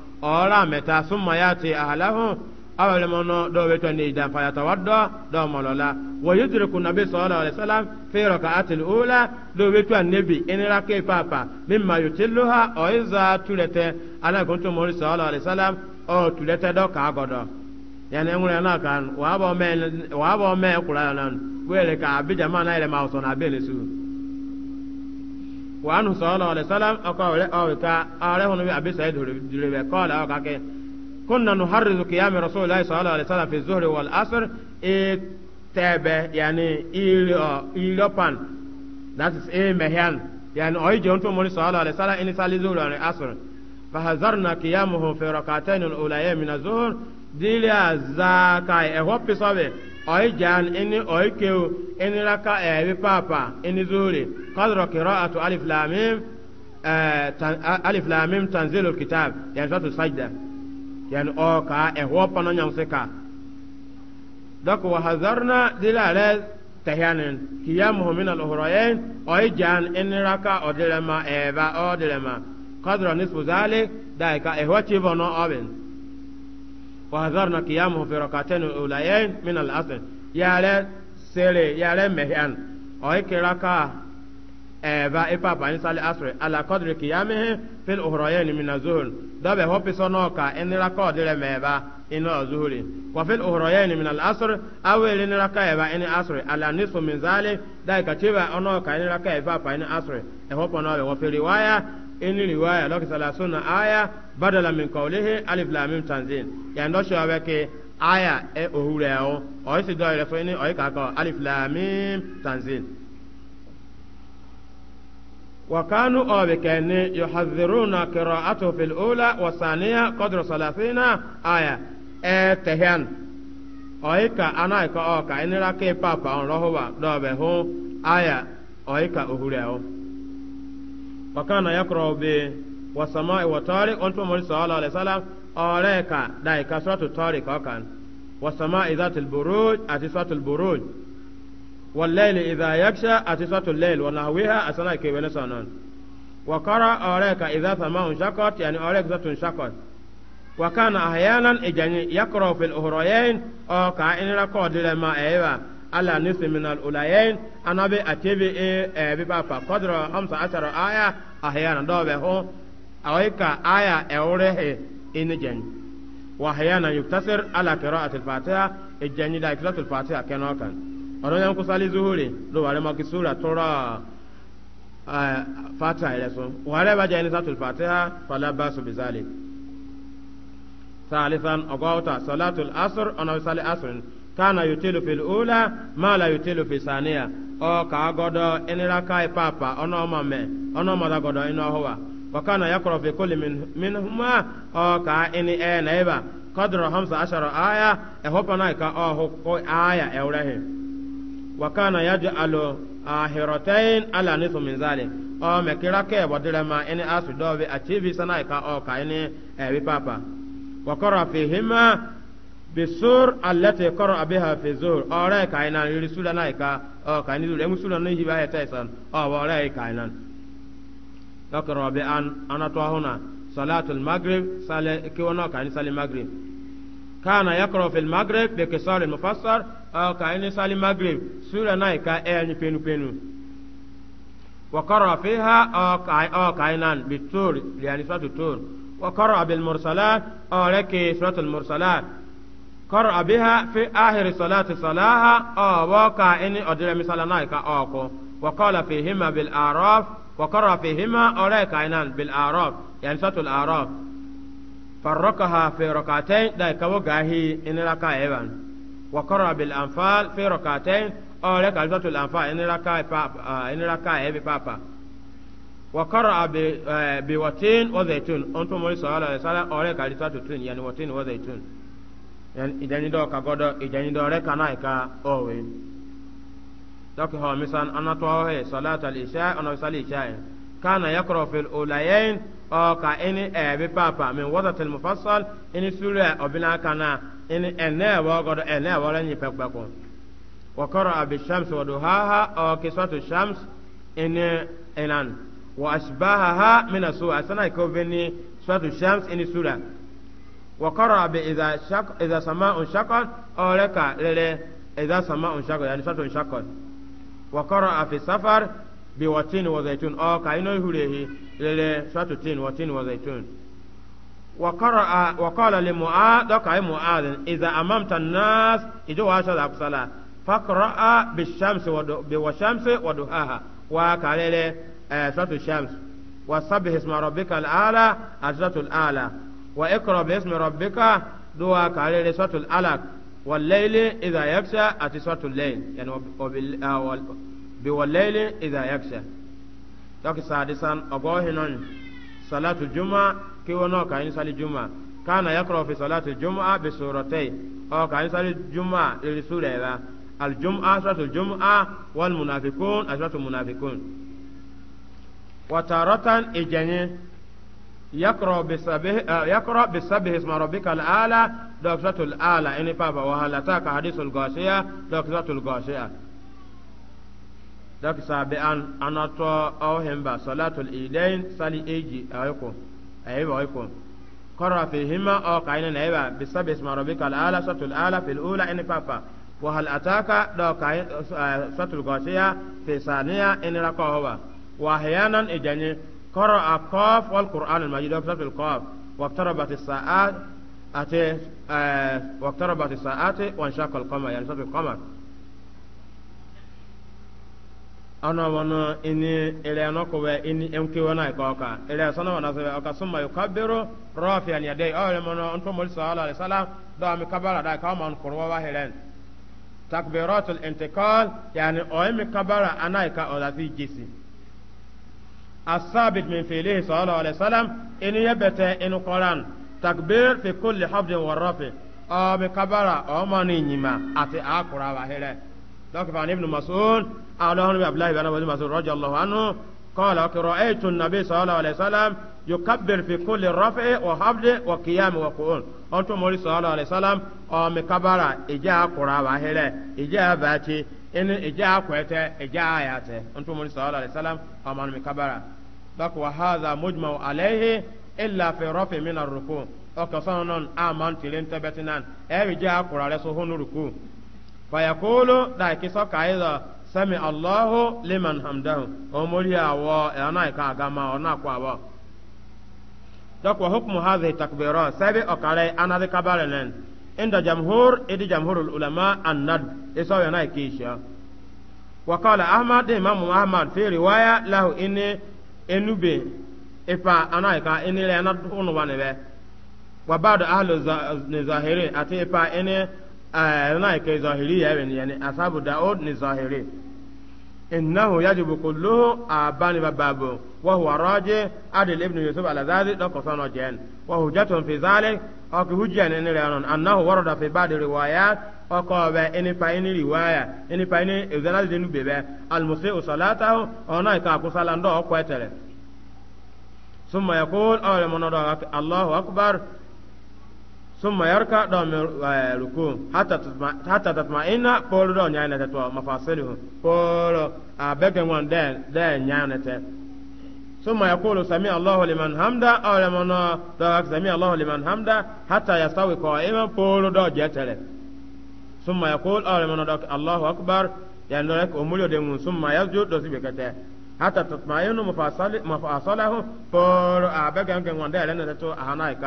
ora meta summa yati ahlahu awale mono do weto ni da fa yatawadda do malola wa yudriku nabi sallallahu alaihi wasallam ụla rak'ati al-ula do weto nabi in rakay papa mimma yutilluha o iza tulete ana gonto mori sọọla alaihi salam ọ tulete do ka godo yana enwere na kan wa ba me wa ba me kula nan wele ka abijama na ile ma so na belesu وعنه صلى الله عليه وسلم أقول أوك أعرف نبي أبي سعيد الربي قال أوك كنا نحرز قيام رسول الله صلى الله عليه وسلم في الظهر والعصر إيه tebe yani ilo ilo pan that is a mehyan yani oyi jɔn tó mɔni sɔɔlɔ ale sala ini sali zuhuri ani asuri fahazarna kiyamuhu fi rakatayn ulaye mina zuhur dili a zaa kai ɛhɔ pisɔbe oy jan ini oy kew ini raka ewi papa ini zuri qadra qira'atu alif lam mim eh, alif lam mim kitab yani satu sajda yani o ka e ho pano nyam se ka dak wa hazarna dilale tahyanin qiyamuhu min al-uhrayn oy jan ini raka odirema eva odilema, qadra nisfu zalik dai ka e ho chibono oben وهذرنا قيامه في ركعتين الأوليين من العصر يا يالا سيري له مهيان أويك ركعة إبا إبا بني سال العصر على قدر قيامه في الأهرين من الظهر دابا هو بسونوكا إن ركعة دل إن الظهر وفي الأهرين من العصر أول إن ركا إبا إن العصر على نصف من ذلك ده كتبه أنوكا إن ركا إبا بني العصر هو بنوبي وفي رواية in riwaya loki salasuna aya badala min kaulihi alif lam mim tanzin ya ndosho aweke aya e ohureo oisi do ile foni oi kaka alif lam mim tanzin wakanu kanu aweke ni yuhadhiruna qira'atu fil ula wa thaniya salasina aya e tehyan oi ka ana ka o on rohwa do hu aya oi ka ohureo wakana yakro be wasama'i wa tariq on to mori sallallahu alaihi wasallam areka dai ka suratu tariq akan wasama'i zatil buruj ati suratul buruj wal layli idha yaksha ati suratul layl wa nahwiha asana ke wena sanan wa qara areka idha sama'un shaqat yani areka zatun shaqat wa kana ahyanan ijani yakro fil uhrayain o ka in raqad lama aywa ala nisi min al ulayain anabi atebe e e bi ba fa qadra hamsa ashara aya ahyana do be ho awaika aya e ore he ini jen wa ahyana yuktasir ala qira'ati al fatiha e jenni da qira'ati al fatiha keno kan ono zuhuri do wale maki sura tora fatiha ile so wale ba jenni satul fatiha fala basu bizalik ثالثا أقوى صلاة العصر أنا أصلي العصر kana yutelu fil ula ma la yutelu fi saniya o ka godo enira kai papa ono mame ono mala godo ino howa wa kana yakra fi kulli min minhuma o ka ini e naiba qadra 15 aya e hopa na ka o ho ko aya e urehe wa kana yaj'alu ahiratain ala nisu min zalik o me kira ke bodire ma ini asu dobe achivi sana ka o ka ini e wi papa wa qara fihima bisur allati qara'a biha fi zuhr ora ka ina yuri sura na ka o ka ni dure musura no hiba ya taisan o wa ora ka ina nakra bi an ana to huna salatul maghrib sale ke wona ka ni sale maghrib kana yaqra fil maghrib bi kisal mufassar o ka ni sale maghrib sura na ka e ni penu penu wa qara'a fiha o ka o ka ina bitur yani sura tur wa qara'a bil mursalat o reke suratul mursalat قرأ بها في آخر صلاة صلاها أو وقع إن أدري مثلا نايكا أوكو وقال فيهما بالأعراف وقرأ فيهما أولئك عينان بالأعراف يعني سات الأعراف فرقها في ركعتين دايكا وقاهي إن لكا إيوان وقرأ بالأنفال في ركعتين أولئك سات الأنفال إن لكا بابا إن لكا إيبي بابا وقرأ بوتين وزيتون أنتم صلى الله عليه وسلم أولئك سات التين يعني وتين وزيتون idanidɔ ka gɔdɔ idanidɔ rɛ kana ka ɔwe dɔki hɔ misan anatɔ he salata lisha ɔnɔ sali lisha kana yakɔrɔ fil olayen ɔ ka ini ɛbi e papa min wasa tɛlimu fasal ini surɛ ɔbina kana ini ɛnɛ wɔ gɔdɔ ɛnɛ wɔ rɛ nyi pɛkpɛkɔ wakɔrɔ abi shams waduhaha ɔ kisɔtu shams ini inan wa asbahaha mina su asana ikɔ vini sɔtu shams ini surɛ وقرأ بإذا شق إذا سماء شقت أو لك للي إذا سماء شقت يعني شط شقت وقرأ في سفر بوتين وزيتون أو كأنه يهوليه للي شط تين وتين وزيتون وقرأ وقال لمعاذ دقع معاذ إذا أمامت الناس إذا أشهد أبصلا فقرأ بالشمس والشمس ودهاها وكاليل آه، شط الشمس وسبح اسم ربك الأعلى أجزة الأعلى واقرأ باسم ربك دوا على صوت الألق والليل إذا يغشى أتي سوره الليل يعني آه، بوالليل إذا يغشى تاكي سادسا أقوهنون صلاة الجمعة كي ونوكا كاين صلاه الجمعة كان يقرأ في صلاة الجمعة بسورتي أو كاين صلاه الجمعة للسورة الجمعة سورة الجمعة والمنافقون سورة المنافقون وتارة إجاني آه، يقرأ بسبه اسم ربك الأعلى دكتورة الأعلى إني بابا وهل تاك حديث الغاشية دكتورة الغاشية دك سابعا أنا تو أو همبا صلاة الإيدين سالي إيجي أيكو أيوة أيكو قرأ فيهما أو كاين أيوة بسبه اسم ربك الأعلى صلاة الأعلى في الأولى إني بابا وهل أتاك دكتورة آه، صلاة الغاشية في ثانية إني ركوهوا وأحيانا إجاني قرأ قاف والقرآن المجيد وكتب القاف واقتربت الساعات أتى آه، واقتربت الساعات وانشق القمر يعني في القمر أنا وانا إني إلى نكوة إني أمكي وانا يكوكا إلى سنة وانا سوى أكا ثم يكبر رافيا يدي أولي من أنتم مولي صلى الله عليه وسلم دعم كبالا دعي كاما نكروا واحدين تكبيرات الانتقال يعني أهم كبالا أنا يكا أولادي جيسي الثابت من فعله صلى الله عليه وسلم إن يبت إن قرآن تكبير في كل حفظ والرفع أو آه، بكبرة آه، أو منينما أتي أقرأ آه، وهلا ذلك فان ابن مسعود أعلاه نبي عبد الله بن أبي مسعود رضي الله عنه قال رأيت النبي صلى الله عليه وسلم يكبر في كل رفع وحفظ وقيام وقعود أنتم مولى صلى الله عليه وسلم أو بكبرة إجا أقرأ وهلا إجا باتي ene eja akwete eja ayate ntu muri sallallahu alaihi wasallam amanu mikabara dak wa hadha mujma'u alaihi illa fi rafi min ar-ruku o ka sanon aman tilen tabatinan e bi ja akurare so honu ruku fa yaqulu da ki so ka ida sami allahu liman hamdahu o muri awo e ana ka gama ona kwa awo dak hukmu hadhihi takbira sabi o kare ana de kabare inda jamhur idi jamhurul ulama annad iso yana kisha wa qala ahmad imam ahmad fi riwaya lahu inni enube ifa anaika inni la na dunu bane be wa ba'd ahlu zahiri ati ifa inni eh, anaika zahiri ya ben yani asabu daud ni zahiri innahu yajibu kulluhu abani bababu وهو راجع عدل ابن يوسف على ذلك لقصان جن وهجة في ذلك أكو هجة أن أنه ورد في بعض الروايات أقوى إن فإن رواية إن فإن إذن الدين بيبه المسيء صلاته أنا يكاكو صلاة أقوى ثم يقول أول من الله أكبر ثم يركع دون ركوع حتى حتى تطمئن بول دون يعني تتوا مفاصله بول أبكي وان دين دين يعني ثم يقول سمع الله لمن حمده أو لمن دوك سمع الله لمن حمده حتى يستوي قائما بول دو جتل ثم يقول أو لمن دوك الله أكبر يعني لك أمولي دمون ثم يسجد دو سبكته حتى تطمئن مفاصل مفاصله بول أبقى أنك وندى لأن تتو أهنائك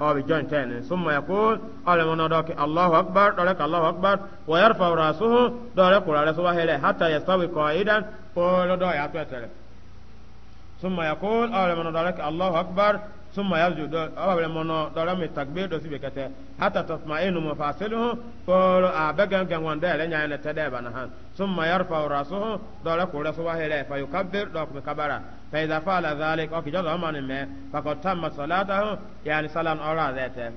أو بجون تاني ثم يقول أو لمن دوك الله أكبر دولك الله أكبر ويرفع رأسه دولك رأسه حتى يستوي قائدا بول دو يتل ثم يقول أول من ذلك الله أكبر ثم يسجد أول من ذلك التكبير دوسي بكتة حتى تطمئن مفاصله قول أبغان آه، كان وان ده لن يعين تدابا ثم يرفع رأسه ذلك رسوله له فيكبر ذلك مكبرا فإذا فعل ذلك أوكي جزء من ما فقد تم صلاته يعني صلاة أورا ذاته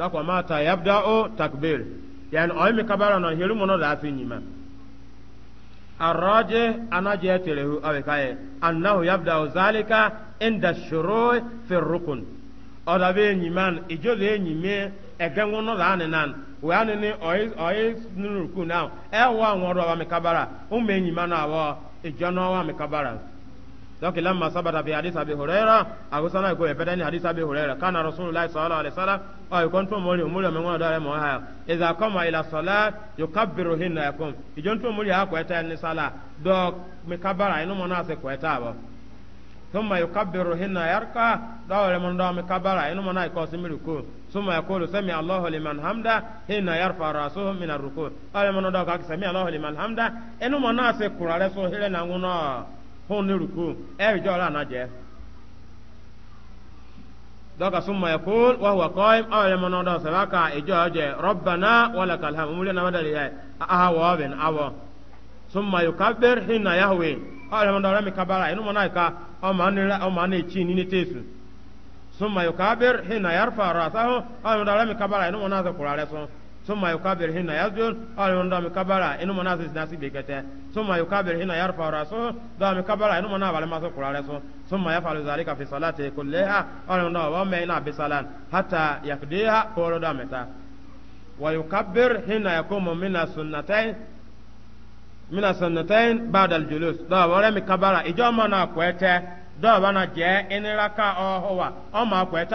ذلك ما يبدأ تكبير يعني أي مكبرا نهيرو منو ذاتي نيمان الراجح أنا جاتله أو كاي أنه يبدأ ذلك عند الشروع في الركن ọ̀dà bẹ́ẹ̀ nyìmán ìjọba ẹ̀ nyìmé ẹ̀gẹ́ ńwọ́n náà lánàá nàn wẹ́n ní ọ̀yẹ́ nínú rukun náà ẹ̀ wọ́n àwọn ọ̀dọ́ wa mi donc lamma sabata fi hadis abi hurayra agusana ko e pedani hadis abi hurayra kana rasulullah sallallahu alaihi wasallam ay kontu moli umuri me ngona dare mo ha iza qama ila salat yukabbiru hinna yakum ijontu moli ha ko eta ni sala do me kabara inu mo na se ko eta ba ثم يكبر هنا يركع دور من دام كبر إنما ناي قاسم الركوع ثم يقول سمع الله لمن حمدا هنا يرفع رأسه من الركوع قال من دام سمع الله لمن حمدا إنما ناس كرر سهل نعونا hun ni ruku ẹ̀rì jọ́ ọ̀la náà jẹ́ dọ́ka súnmọ́ ẹ̀kú wà wà kọ́ ẹ̀ ọ̀ ka ìjọ ọjẹ́ rọ́bà náà kalham múlẹ̀ na wọ́dà lìyà aha wọ́ awọ na yahwe ọ̀ yẹmọ náà rẹ́mi kabara inú na náà ká ọmọ anira na-echi ní ní na yarfa rọ̀ kabara summa yukabir hina yasjud ala mun dami kabara inu mana sis nasi be kete summa yukabir hina yarfa rasu dami kabara inu mana bale maso kurare so summa yafalu zalika fi salati kulliha ala mun dami wa ma ina bi salan hatta yakdiha poro dameta wa yukabbir hina yakumu min sunnatain min sunnatain ba'da al-julus da wore mi kabara ijo mana kwete da bana je inira ka ohowa o ma kwete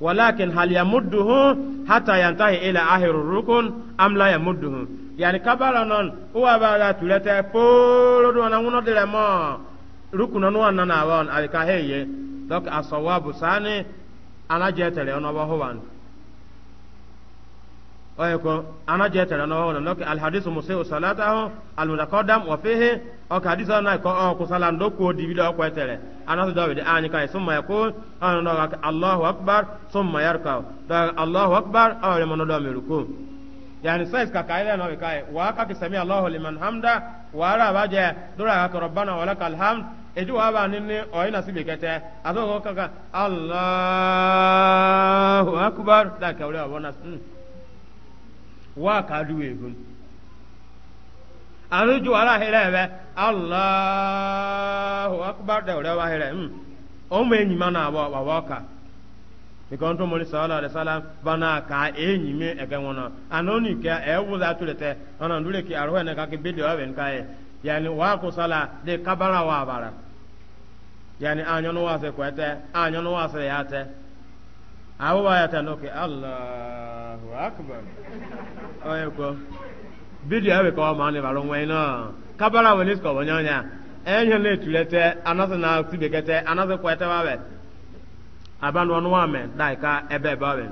walakin hal yamudduhu hata yantahi ila ahiru rukun am la yamudduhu yani kabala non uwa bala tulete polo do na nguno dile mo rukun no anana won alka heye dok asawabu sane ana jetele ono ba howan oye ko ana jetere no wono nok al hadisu musiu salatahu oh, al mutaqaddam wa fihi o ka hadisu na ko o ko salan do ko di bido ko tere ana so dawide ani ah, kai summa yakul ana ah, no ka allahu akbar summa yarka da allahu akbar o ah, le mono do mi ruku yani sais ka kaile no kai wa ka ki sami allahu liman hamda wa ara baje dura ka rabbana wa lakal hamd edu wa ba ninni o ina sibe kete aso ko ka allahu akbar da ka wala bona hmm. wa ka du we gun anu ju ara hele be allahu akbar da ore wa hele hmm. o me ma na wa wa ka because to mori sallallahu bana ka enyi me ege wona anoni ka e wuza tulete ana ndure ki arho ka e. yani wa sala de kabara wa bara yani anyo no wa se kwete anyo no wa se awo b'a yata n'oke alahu akbar oye ko bidiyo ebe ka ọ ma ne baro nwee nọ kabara wele sikọ bụ nyonya enyo na etulete anasị na sibekete anasị ete babe abanu ọnụ wame dai ka ebe babe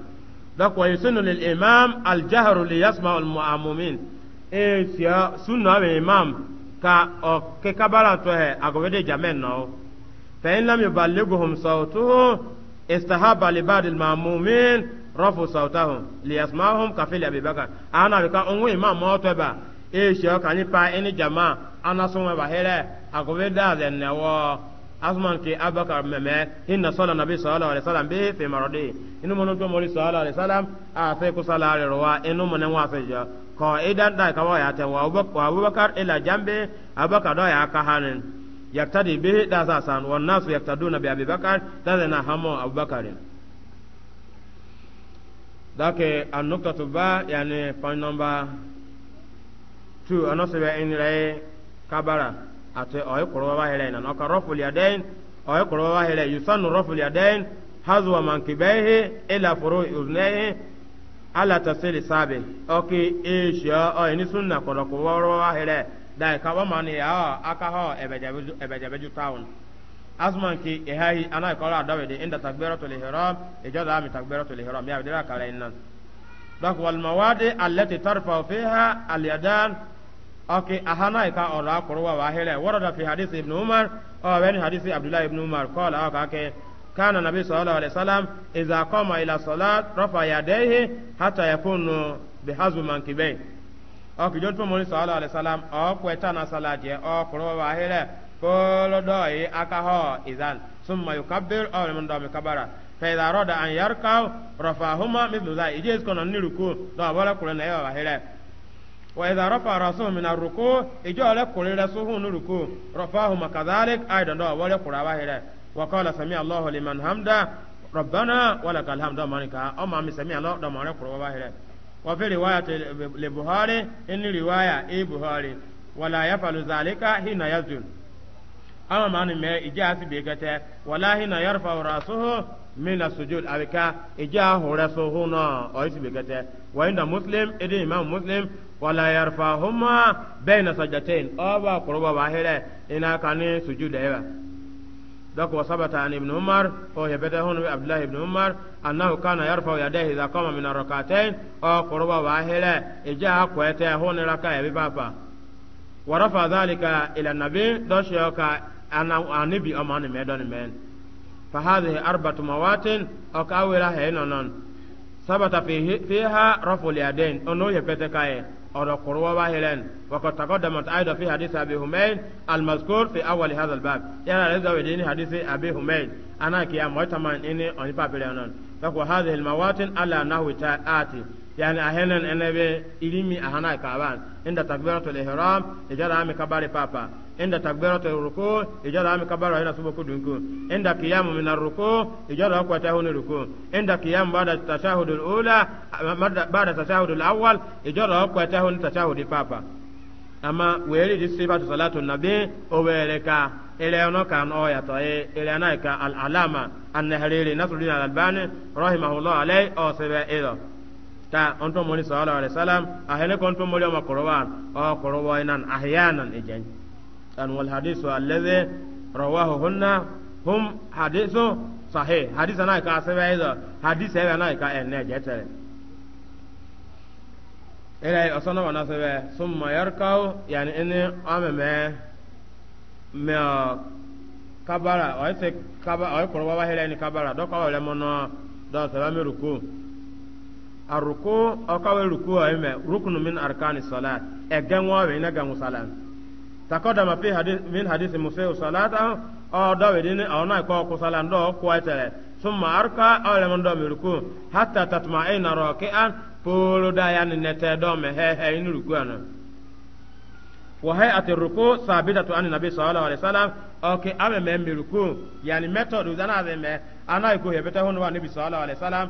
dakwa yusinu lil imam aljahru li yasma al mu'ammin e sia sunna ame imam ka o ke kabara to he agobede jamen no fa in lam yuballighuhum sawtuhu istahaba libadil mamumin rafu sautahum liyasmahum kafili abibakar ana bika onwe imam moto ba e sho kanyi pa ini jama ana sunwa ba hele agobe da den ne wo asman ki abakar meme inna sala nabi sallallahu alaihi wasallam bi fi maradi inu mono to mori sallallahu alaihi wasallam a sai ku salare rowa inu mono wa sai jo ko idan da ka wa ya ta wa abubakar ila jambe abakar do ya ka hanin yaktadi bihi da sa san wan nasu yaktaduna bi abubakar da na hamu hamo abubakarin dake annukatu ba yani point number 2 anasibe in rai kabara ate oy kurwa ba hele na ka raful yadain oy kurwa ba hele yusannu raful yadain hazwa mankibaihi ila furu uznaihi ala tasili sabi oki isha oy ni sunna kodo kurwa hele dai ka ba mani ya aka ho ebejabeju ebejabeju town asman ki ehai ana ko ra dawede inda takbiratul ihram ijada e ami takbiratul ihram ya bidira kala innan dak wal mawadi allati tarfa fiha al yadan oke ahana ka ora kurwa wa hele warada fi hadith ibn umar aw ben hadith abdullah ibn umar qala aka ke kana nabi صلى الله عليه وسلم إذا قام إلى الصلاة رفع يديه حتى يكون بحزم ọkùnjọ́ tó mọ́ni sọ́ọ́lọ́ alẹ́sálàm ọ̀pọ̀ ẹ̀tàn asálà jẹ́ ọkùnrin wa ahẹ́rẹ́ kólódọ́ yìí akahọ́ ìzán súnmọ́ yóò kábír ọ̀rẹ́ mi dọ̀mí kábàrà fẹ̀dà rọ́dà àyàrká rọ̀fà húmọ́ mílùlá ìjẹ́ ìsìkọ̀nà nírùkú dọ̀bọ́lẹ́kùnrin náà yẹ wà ahẹ́rẹ́ وإذا رفع رأسه من الركوع إجا لكل رأسه من الركوع رفعهما كذلك أيضا ولكل واحدة وقال سمع الله لمن حمده ربنا ولك الحمد مانك أما سمع الله دمان كل واحدة وفي رواية لبخاري إن رواية إي بخاري ولا يفعل ذلك حين يزل أما معنى ما إجاء سبيكته ولا حين يرفع رأسه من السجود أبكا إجاء رأسه هنا أو سبيكته وإن مسلم إدي إمام مسلم ولا يرفعهما بين سجدتين أو قرب واحدة إن كان سجود إبا دوك وثبت عن ابن عمر هو يبدهون عبد الله بن عمر أنه كان يرفع يديه إذا قام من الركعتين أو قرب واهلة إجاه قوته هون ركع بابا ورفع ذلك إلى النبي دوشيوك أنا أنبي أمان ميدون من فهذه أربعة موات أو كأولا هينونون ثبت فيه فيها رفع اليدين أنه يبتكايه أو قروا واهلا وقد تقدمت أيضا في حديث أبي همين المذكور في أول هذا الباب يعني لذا وديني حديث أبي همين أنا كي أمويتما إني أني بابلانون فكو هذه المواطن على نحو تآتي yani a henen enebe ilimi a hana kaban inda takbiratul ihram ijara mi kabari papa inda takbiratul ruku ijada ami kabara ila subuku dunku inda qiyamu min ruku ijada kwa tahunu ruku inda qiyamu ba'da tashahudul ula ba'da tashahudul awwal ijada kwa tahunu tashahudi papa ama weri di sifatu salatu nabi owereka ile ono kan oya to e ile anaika al alama an-nahriri nasruddin al-albani rahimahullah alay o sebe ido ta onto moni sallallahu alaihi wasallam ahele konto moli ma qur'an o qur'an ahyanan ejen and wal hadisu alladhi rawahu hunna hum hadisu sahih hadisa na ka asebe izo hadisa ebe na ka enne jetere ere osono wana sebe summa yarkau yani ini ameme me kabara oyi se kaba oyi kɔrɔ baba hɛrɛ ni kabara dɔ kawo lɛ mɔnɔ dɔ sɛbɛn mi ruku a ruku ɔ kawo ruku oyi mɛ rukunu min arkani sɔla ɛ gɛŋɔ bɛ ne gɛŋu salam. تقدم في حديث من حديث موسى صلاته او داودين او ناي كو كسالا دو كويتل ثم اركا او لمن دو ملكو حتى تطمئن راكعا بولو دايان نت دو مه هي نركوانا وهي الركوع ثابتة عن النبي صلى الله عليه وسلم اوكي ام مم ملكو يعني ميثود انا ذم انا يكو هبته هو النبي صلى الله عليه وسلم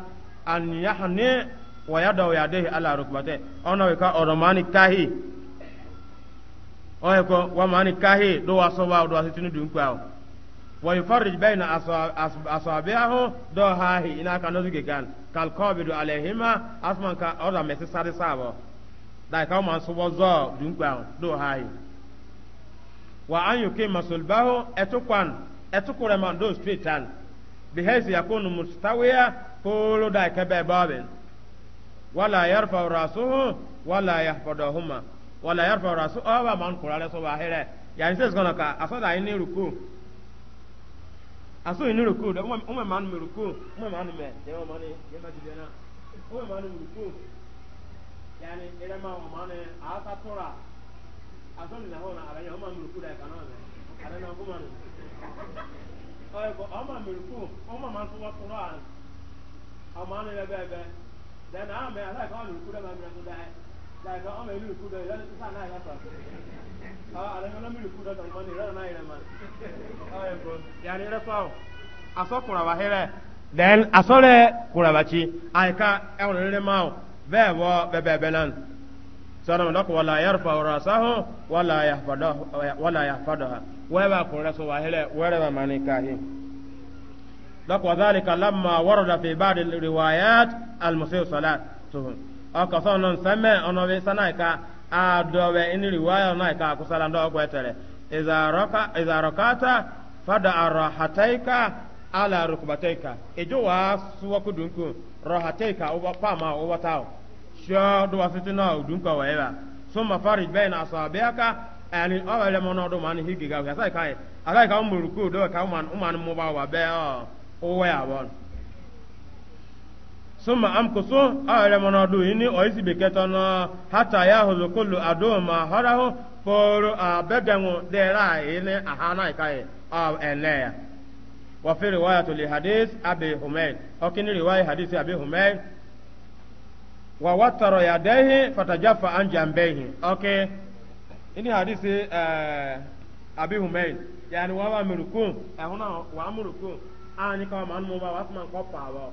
ان يحني ويدعو يديه على ركبته انا وكا اورماني كاهي oye ko wamani kahi do wasoba do asitinu dun kwa wa aso baina asabiahu do hahi ina ka nozuge gan kal qabidu alaihima asman ka oda mesi sare sabo dai ka man subo zo dun kwa do hahi wa an yukima sulbahu etukwan etukure man do straightan bihaisi yakunu mustawiya polo dai ka be babin wala yarfa rasuhu wala yahfadahuma wala yarfa rasu aba man kurare so ba here yani sai gona ka asoda ini ruku aso ini ruku da umma man mi ruku umma man me da umma man ya ma dibena umma man mi ruku yani ere ma umma man a ta tora aso ni na hona aranya umma mi ruku da kana me arana umma man ai ko umma mi ruku umma man so wa tora amana ya bebe dan a me ala ka ruku da ma mi ruku da like ọ ma elu kudo ya sa na ya fa ah ala ngana mi kudo ta mani ra na ira man ah ko ya ra pao aso kura wa here then asore kura ba chi ai ka e won re ma o be wo be be be nan so na ndo ko wala yarfa rasahu wala yahfadahu wala yahfadaha wa ba kun raso wa here wa re ba mani ka hi لك لما ورد في بعض الروايات المسيء صلاته ọkọsọ nọ nsẹmẹ ọnọbi sanaika adọwẹ eniri waya ọnaika akusala ndọ ọkọ ẹtẹrẹ ìzàrọkata fada arọhataika ala rukubataika ejo wa suwaku dunku rọhataika ọba pama ọba taw sọ duwa náà dunka wẹ̀ wa sọma fari bẹ́ẹ̀ na asọ abẹ́aka ẹni ọwẹlẹ mọ náà dọmọ ni higi gawo yasa ika yi alaika ọmọ ruku dọwẹ ka ọmọ ni mo ba wa ọ ọwẹ́ àwọn. suma amkusu awere mana du ini oisi beketo no hata ya hulu kullu adu ma harahu foro abegenwu dera ini ahana ikai of eleya wa fi riwayatu li hadith abi humayd okini riwaya hadith abi humayd wa wataro yadehi fatajaffa an jambehi okay ini hadisi uh, abi humayd yani wa wa muruku ehuna wa muruku ani ka man mu ba wasman ko pawo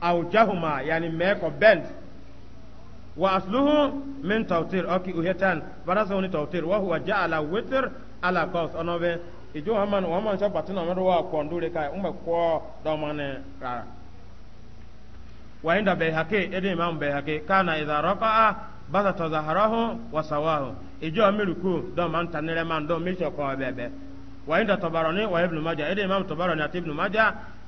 Aujahuma yani meko bend wa asluhu min tawtir oki uhetan barasa woni tawtir wa huwa ja'ala witr ala qaws onobe ijo haman wa man shabati na mero ko ndure kai umma ko do mane rara wa inda bai hake ede imam bai hake kana idha raqa'a bada tazaharahu wa sawahu ijo amiruku do man tanire man do mi ko bebe wa inda tabarani wa ibn majah ede imam tabarani at ibn majah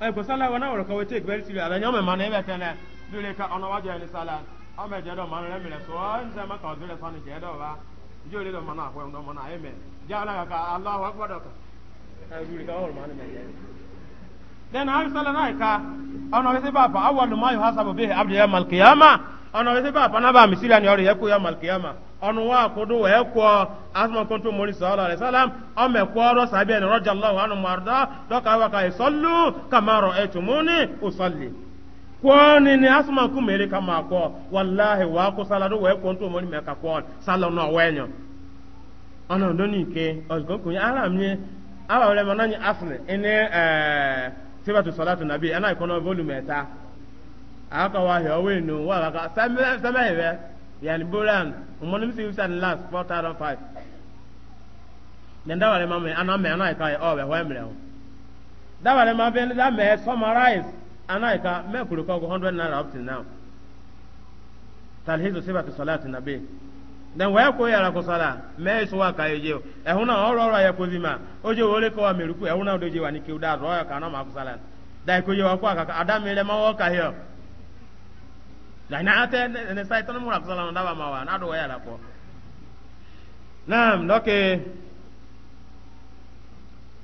ay ko sala wana wala ko take very serious ada nyoma mana ebe tana dole ka ona waje ni sala o me jedo mana le mire so nza ma ka dole fa ni jedo ba jole do mana ko ndo mana eme jala ka allahu akbar ka ay dole ka wala mana me then har sala na ka ona wese baba awwalu ma yuhasabu bihi abdu yawm al-qiyamah ọ̀nà wíṣẹ́ bá àpánábà mi sílẹ̀ ni ọ̀rọ̀ yẹ ya yọ màlìkìyàmà ọ̀nà ma àkódó wẹ̀ kọ́ asọ́mọ kóńtó mọ́rí sọ́ọ́lá rẹ̀ sálám ọmọ ẹ̀kọ́ ọ̀rọ̀ sàbẹ̀ ẹ̀nà rọ́jà lọ́wọ́ àánú mọ̀ọ́dá lọ́kà wà ká ìsọ́lú kàmárọ̀ ẹ̀tù mú ní kwọ́ni ni mèrè ká kọ́ wàláhì wà aka o owe no wa ga ka samira sama ibe yani bolan umon mi si san last quarter of five wale ana me ana ka o be hwemre ho da wale ma be da me summarize ana ka me kuru naira up now talhizu sifatu salati nabii then wee kwụ yara kwụsara mee ịsụwa aka eje ehụ na ya kwozi ma oje were kọwa merukwu ehụ ka ma aka na ina ate ne sai tan mura sala na ba mawa na do waya la ko nam doke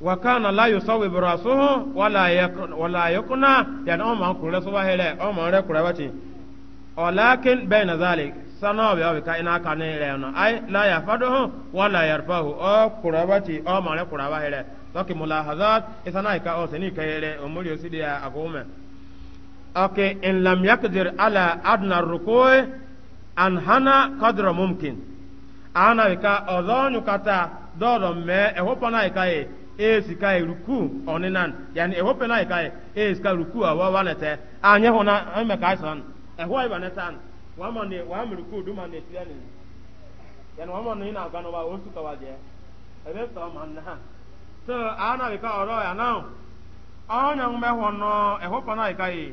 wakana kana la yusawi bi rasuhu wala yakuna wala yakuna ya no man kure so ba hele o man re kure wati walakin bayna zalik sanawi awi ka ina ka ne re no ai la ya faduhu wala yarfahu o kure wati o man re kure ba hele doke mulahazat isana ka o seni ka hele o muri osidia agome ok in lam ala adna rukoi an hana kadra mumkin ana e, ka na ka ye esika ruku oninan yani na e, ka ye esika ruku hona ka san ruku ne yani na gano ba osu ka waje ebe so man na so ana ka oro ya now anya ngme hono na ka e.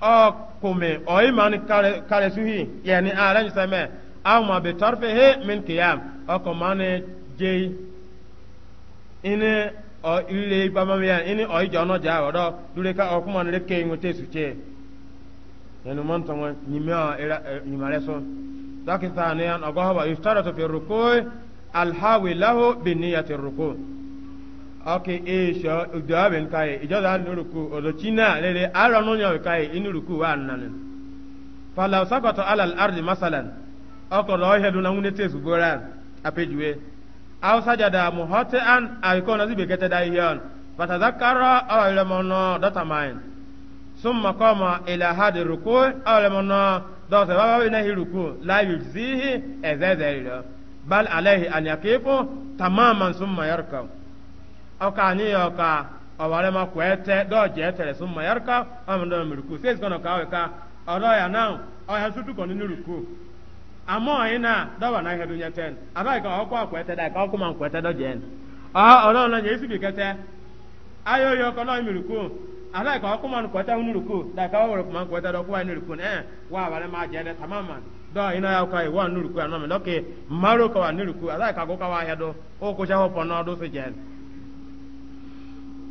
ọkùnmi ọ̀ìmán kàrẹ̀sùhì yẹni ààrẹ́yìn sẹ́mẹ̀ àwọn àbẹ̀ tọ́rọ̀fẹ́ hẹ́ min kìyàm ọkùnmọ́ni jẹ́ iní ilé gbàmọ́mìyàn ile ọ̀ìjọ náà jẹ́ àwọ̀dọ́ lórí ká ọkùnmọ́ni lè ké ìwọ̀n tẹ̀sù tẹ̀ yẹnu mọ́ tọ́ wọn nyìmíọ́ nyìmọ́rẹ́ ni ake esho eh, udaben kai ijoda nuruku odochina lele aro nunyo kai inuruku wa nanen fala sabata alal al ardi masalan oko lo hedu na unete subora apejuwe aw sajada muhate an aikona zibe kete da iyon fatadhakkara aw ilamono data mind summa qama ila hadi ruku aw ilamono dota baba ina hiruku la yujzihi ezezeriro bal alayhi an yakifu tamaman summa yarkaw ɔka ni ɔka ɔware ma kɔ ɛtɛ dɔɔ jɛ tɛrɛ so ma yɛrɛ ka ɔmɛ dɔɔ mi ruku sees kɔnɔ ka ɔka ya naa ɔya sutu kɔni ni ruku amɔ ɔyin na dɔba na yɛrɛ dunyɛ tɛn aba yi ka ɔkɔ akɔ ɛtɛ da yi ka ɔkɔ ma kɔ ɛtɛ dɔ jɛ ɔ ɔdɔ na yɛ esi bi kɛtɛ ayɔ yɔ kɔnɔ mi ruku ala yi ka ɔkɔ ma kɔ ɛtɛ ni ruku da yi ka ɔwɔrɔ kuma kɔ ɛtɛ dɔ kɔ ni ruku wa ɔware ma jɛ dɛ tamama dɔɔ ina y'a ka yi wa ni ruku anɔ mi dɔke maro ka wa ni ala yi ka ko ka wa yɛ do o ko sɛ hɔ pɔnɔ do se jɛ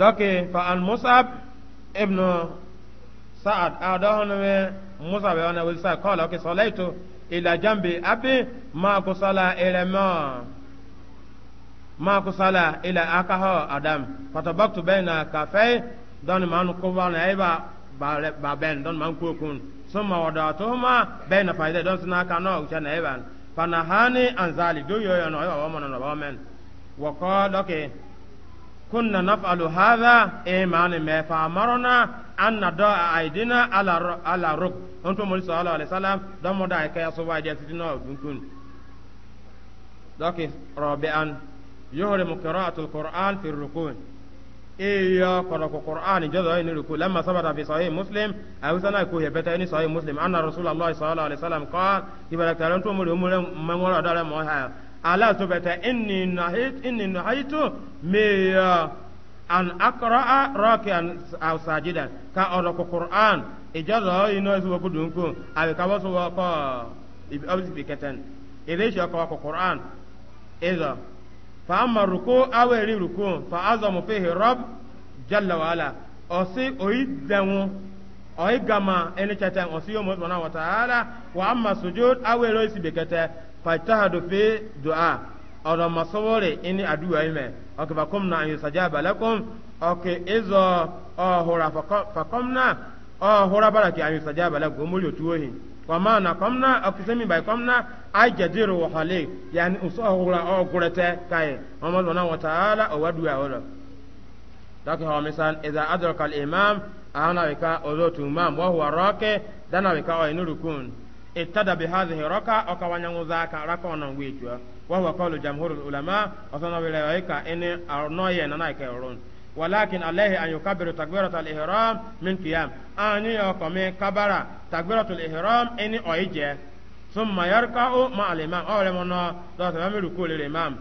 dɔke fa an musab ibnu sa'ad a dɔhɔn mɛ musab ɛwɔn e ɛwɔ sa'ad kɔɔla ɔke sɔlɛɛto ila jambi abi maa kusala ɛlɛmɔ maa kusala ila akahɔ adam patɔbɔktu bɛyi na kafɛyi dɔni maa nu kuba na ɛyi ba ba bɛn dɔni maa nu kuo kun soma wɔdɔ tuhuma bɛyi na fayidɛ dɔni sina ka nɔ ɔkyɛ na ɛyi ba panahani anzali do yɔyɔ na ɔyɔ wɔmɔ na ɔbɔ mɛn wɔkɔ dɔke. كنا نفعل هذا إيمان ما فأمرنا أن نضع أيدينا على على رك أنت مولى صلى الله عليه وسلم دم دا كي يصوب جسدنا بنكون لكن رابعا يهرم قراءة القرآن في الركون إيا قرأ القرآن جزاين الركوع لما ثبت في صحيح مسلم أو سنة كوه بتاني صحيح مسلم أن رسول الله صلى الله عليه وسلم قال إذا كنتم مولى مولى مولى دار مولى ala tubata inni nahit inni nahitu me uh, an akra rakian aw ka oro ko qur'an ijazo ino isu ko dun ko abi ka wasu ko ibi abisi bi katan ile shi ko qur'an iza fa amma ruku aweri ruku fa azamu fihi rabb jalla wa ala osi oidanwo oigama eni chatan osi yo mo subhanahu wa ta'ala wa amma sujud awero isi bi katan fajtahadu fi du'a ọ̀rọ̀ masọ́wọ́rẹ̀ ẹni àdúrà ẹ̀mẹ̀ ọkẹ̀ fàkọ́mùnà àyè sàjáàbà lẹ́kọ́m ọkẹ̀ ẹ̀zọ̀ ọ̀hùrà fàkọ́mùnà ọ̀hùrà bàràkì àyè sàjáàbà lẹ́kọ́ mórí òtú òhìn na nà kọ́mùnà ọkùsẹ́mi bàyì kọ́mùnà àjẹdìrò wọ̀hálẹ̀ yàní ọ̀hùrà ọ̀gùrẹ̀tẹ̀ káyẹ̀ ọmọdé wọn wọ̀tà ààlà ọ̀wádùúyà ọ̀rọ̀ dọ́kẹ̀ hàn mísàn ìdá adọ̀rọ̀kàl imam àwọn àwìká ọ̀dọ́ tùmọ̀ wọ́hùwà rọ́ọ̀kẹ́ dáná àwìká ọ̀ inú rukun ابتدى بهذه ركعة وكوانيان ذاك ركعة نويتوا وهو قول جمهور العلماء وصنع بلايك إن أرنوية ننايك يرون ولكن عليه أن يكبر تكبيرة الإحرام من قيام أني يقوم كبر تكبيرة الإحرام إن أيجي ثم يركع مع الإمام أو لمن دوت يعمل كل الإمام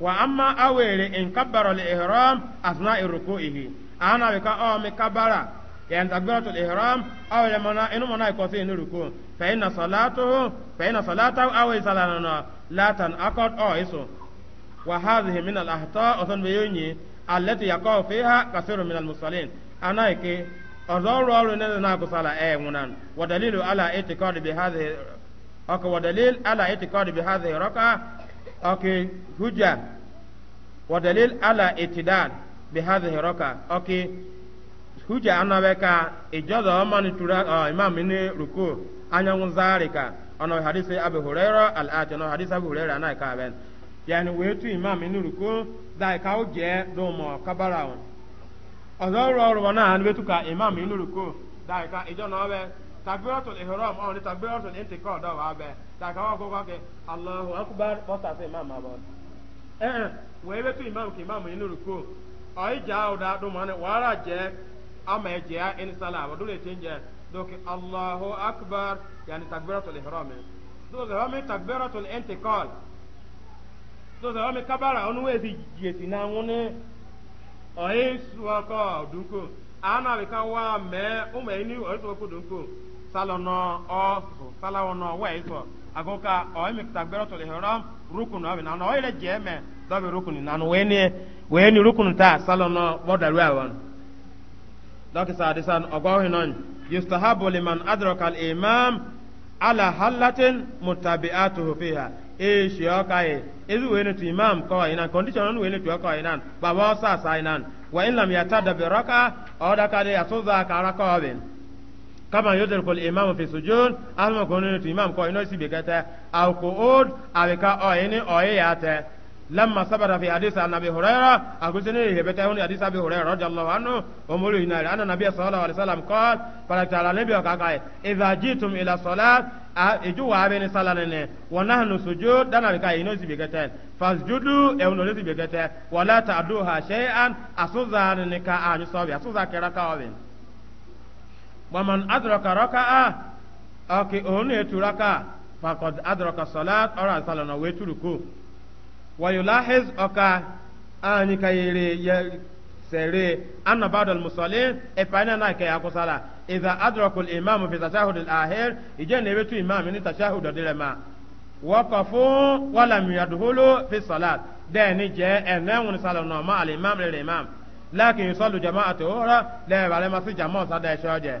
وأما أول إن كبر الإحرام أثناء ركوعه أنا بك أو مكبر يعني تكبيرة الإحرام أو لمن إنه من يكوسي إن ركوع فإن صلاته فإن صلاته أو صلاة لا تنعقد أو إسو وهذه من الأخطاء أظن بيوني التي يقع فيها كثير من المصلين أنا إكي أظن رأي نزنا قصالة أي منان ودليل على اعتقاد بهذه أكو ودليل على اعتقاد بهذه ركعة أكي هجة ودليل على اعتداد بهذه ركعة أكي هجة أنا بكا إجازة أمان تراك إمام من ركوع anyanwụ zarika ọnọ hadisi abu huraira al'ati ọnọ hadisi na ya yani wee tu imam inuru ko o ka oje do mo kabara ọzọ ọrụ ọrụ na naanị e, e, wetu ka imam inuru ko dai na ọbịa. ihram donc Allahu akbar yani takbiratul ihram donc hami takbiratul intiqal donc hami kabara onu wezi esi na ngone oyi suwaka dunko ana bi ka me dunko o so iso agoka oyi mi takbiratul ihram rukun abi na no ile jeme dabe rukun na no weni weni rukun ta salo bodaru awon yustahabu liman adraka al-imam ala halatin mutabi'atuhu fiha e shi okaye izu wene tu imam ko inan condition on wene tu ko inan baba sa sa inan wa in lam yatada bi raka oda kale asuza ka raka ben kama yudriku al-imam fi sujud ahma kunu tu imam ko ino sibe kata al-qu'ud alika o ini o lamma sabara fi hadisi an abi huraira agusini hebete hun hadisi abi huraira radiyallahu anhu wa mulu hinari anna nabiyya sallallahu alaihi wasallam qala fala ta'ala nabiyya kaka idha jitum ila salat eju wa abeni salanene wa nahnu sujud dana ka ino sibigete fasjudu e uno sibigete wala ta'duha shay'an asuzan ne ka anyu sawi asuza kera ka oven aki onu eturaka faqad adraka salat ora salana weturuku ويلاحظ أكا أني كيري سيري أن بعض المصلين إفعلنا نايك يا كسالة إذا أدرك الإمام في تشهد الآخر إجا نبتو إمام من تشهد دلما وقفوا ولم يدخلوا في الصلاة ديني جاء أنهم صلى الله على الإمام للإمام لكن يصلوا جماعة أخرى لا يبالي مسجد جماعة صدى شاجة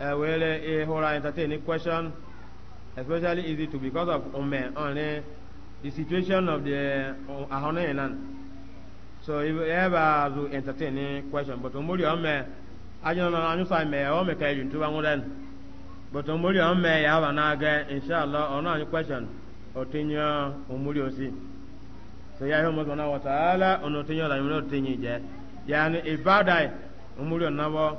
uh, eh, wele e eh, hora entertain a question especially easy to because of umme eh, only uh, the situation of the uh, ahone uh, nan so if ever to entertain a question but umuri umme ajana na anyu sai me o me ka yin tu bangudan but umuri umme ya have na ga inshallah on anyu question otinya umuri uh, osi so ya hiyo mwana im taala onotinya la yimlo tinyi if yani ibada umuri onabo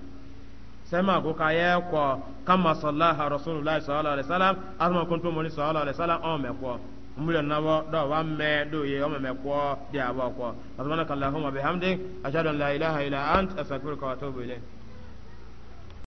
sema ko ka ye ko kama sallaha rasulullah sallallahu alaihi wasallam asma kuntu muni sallallahu alaihi wasallam o me ko mulan na wa do wa me do ye o me me ko dia ba ko subhanakallahumma bihamdik ashhadu an la ilaha illa ant astaghfiruka wa atubu ilayk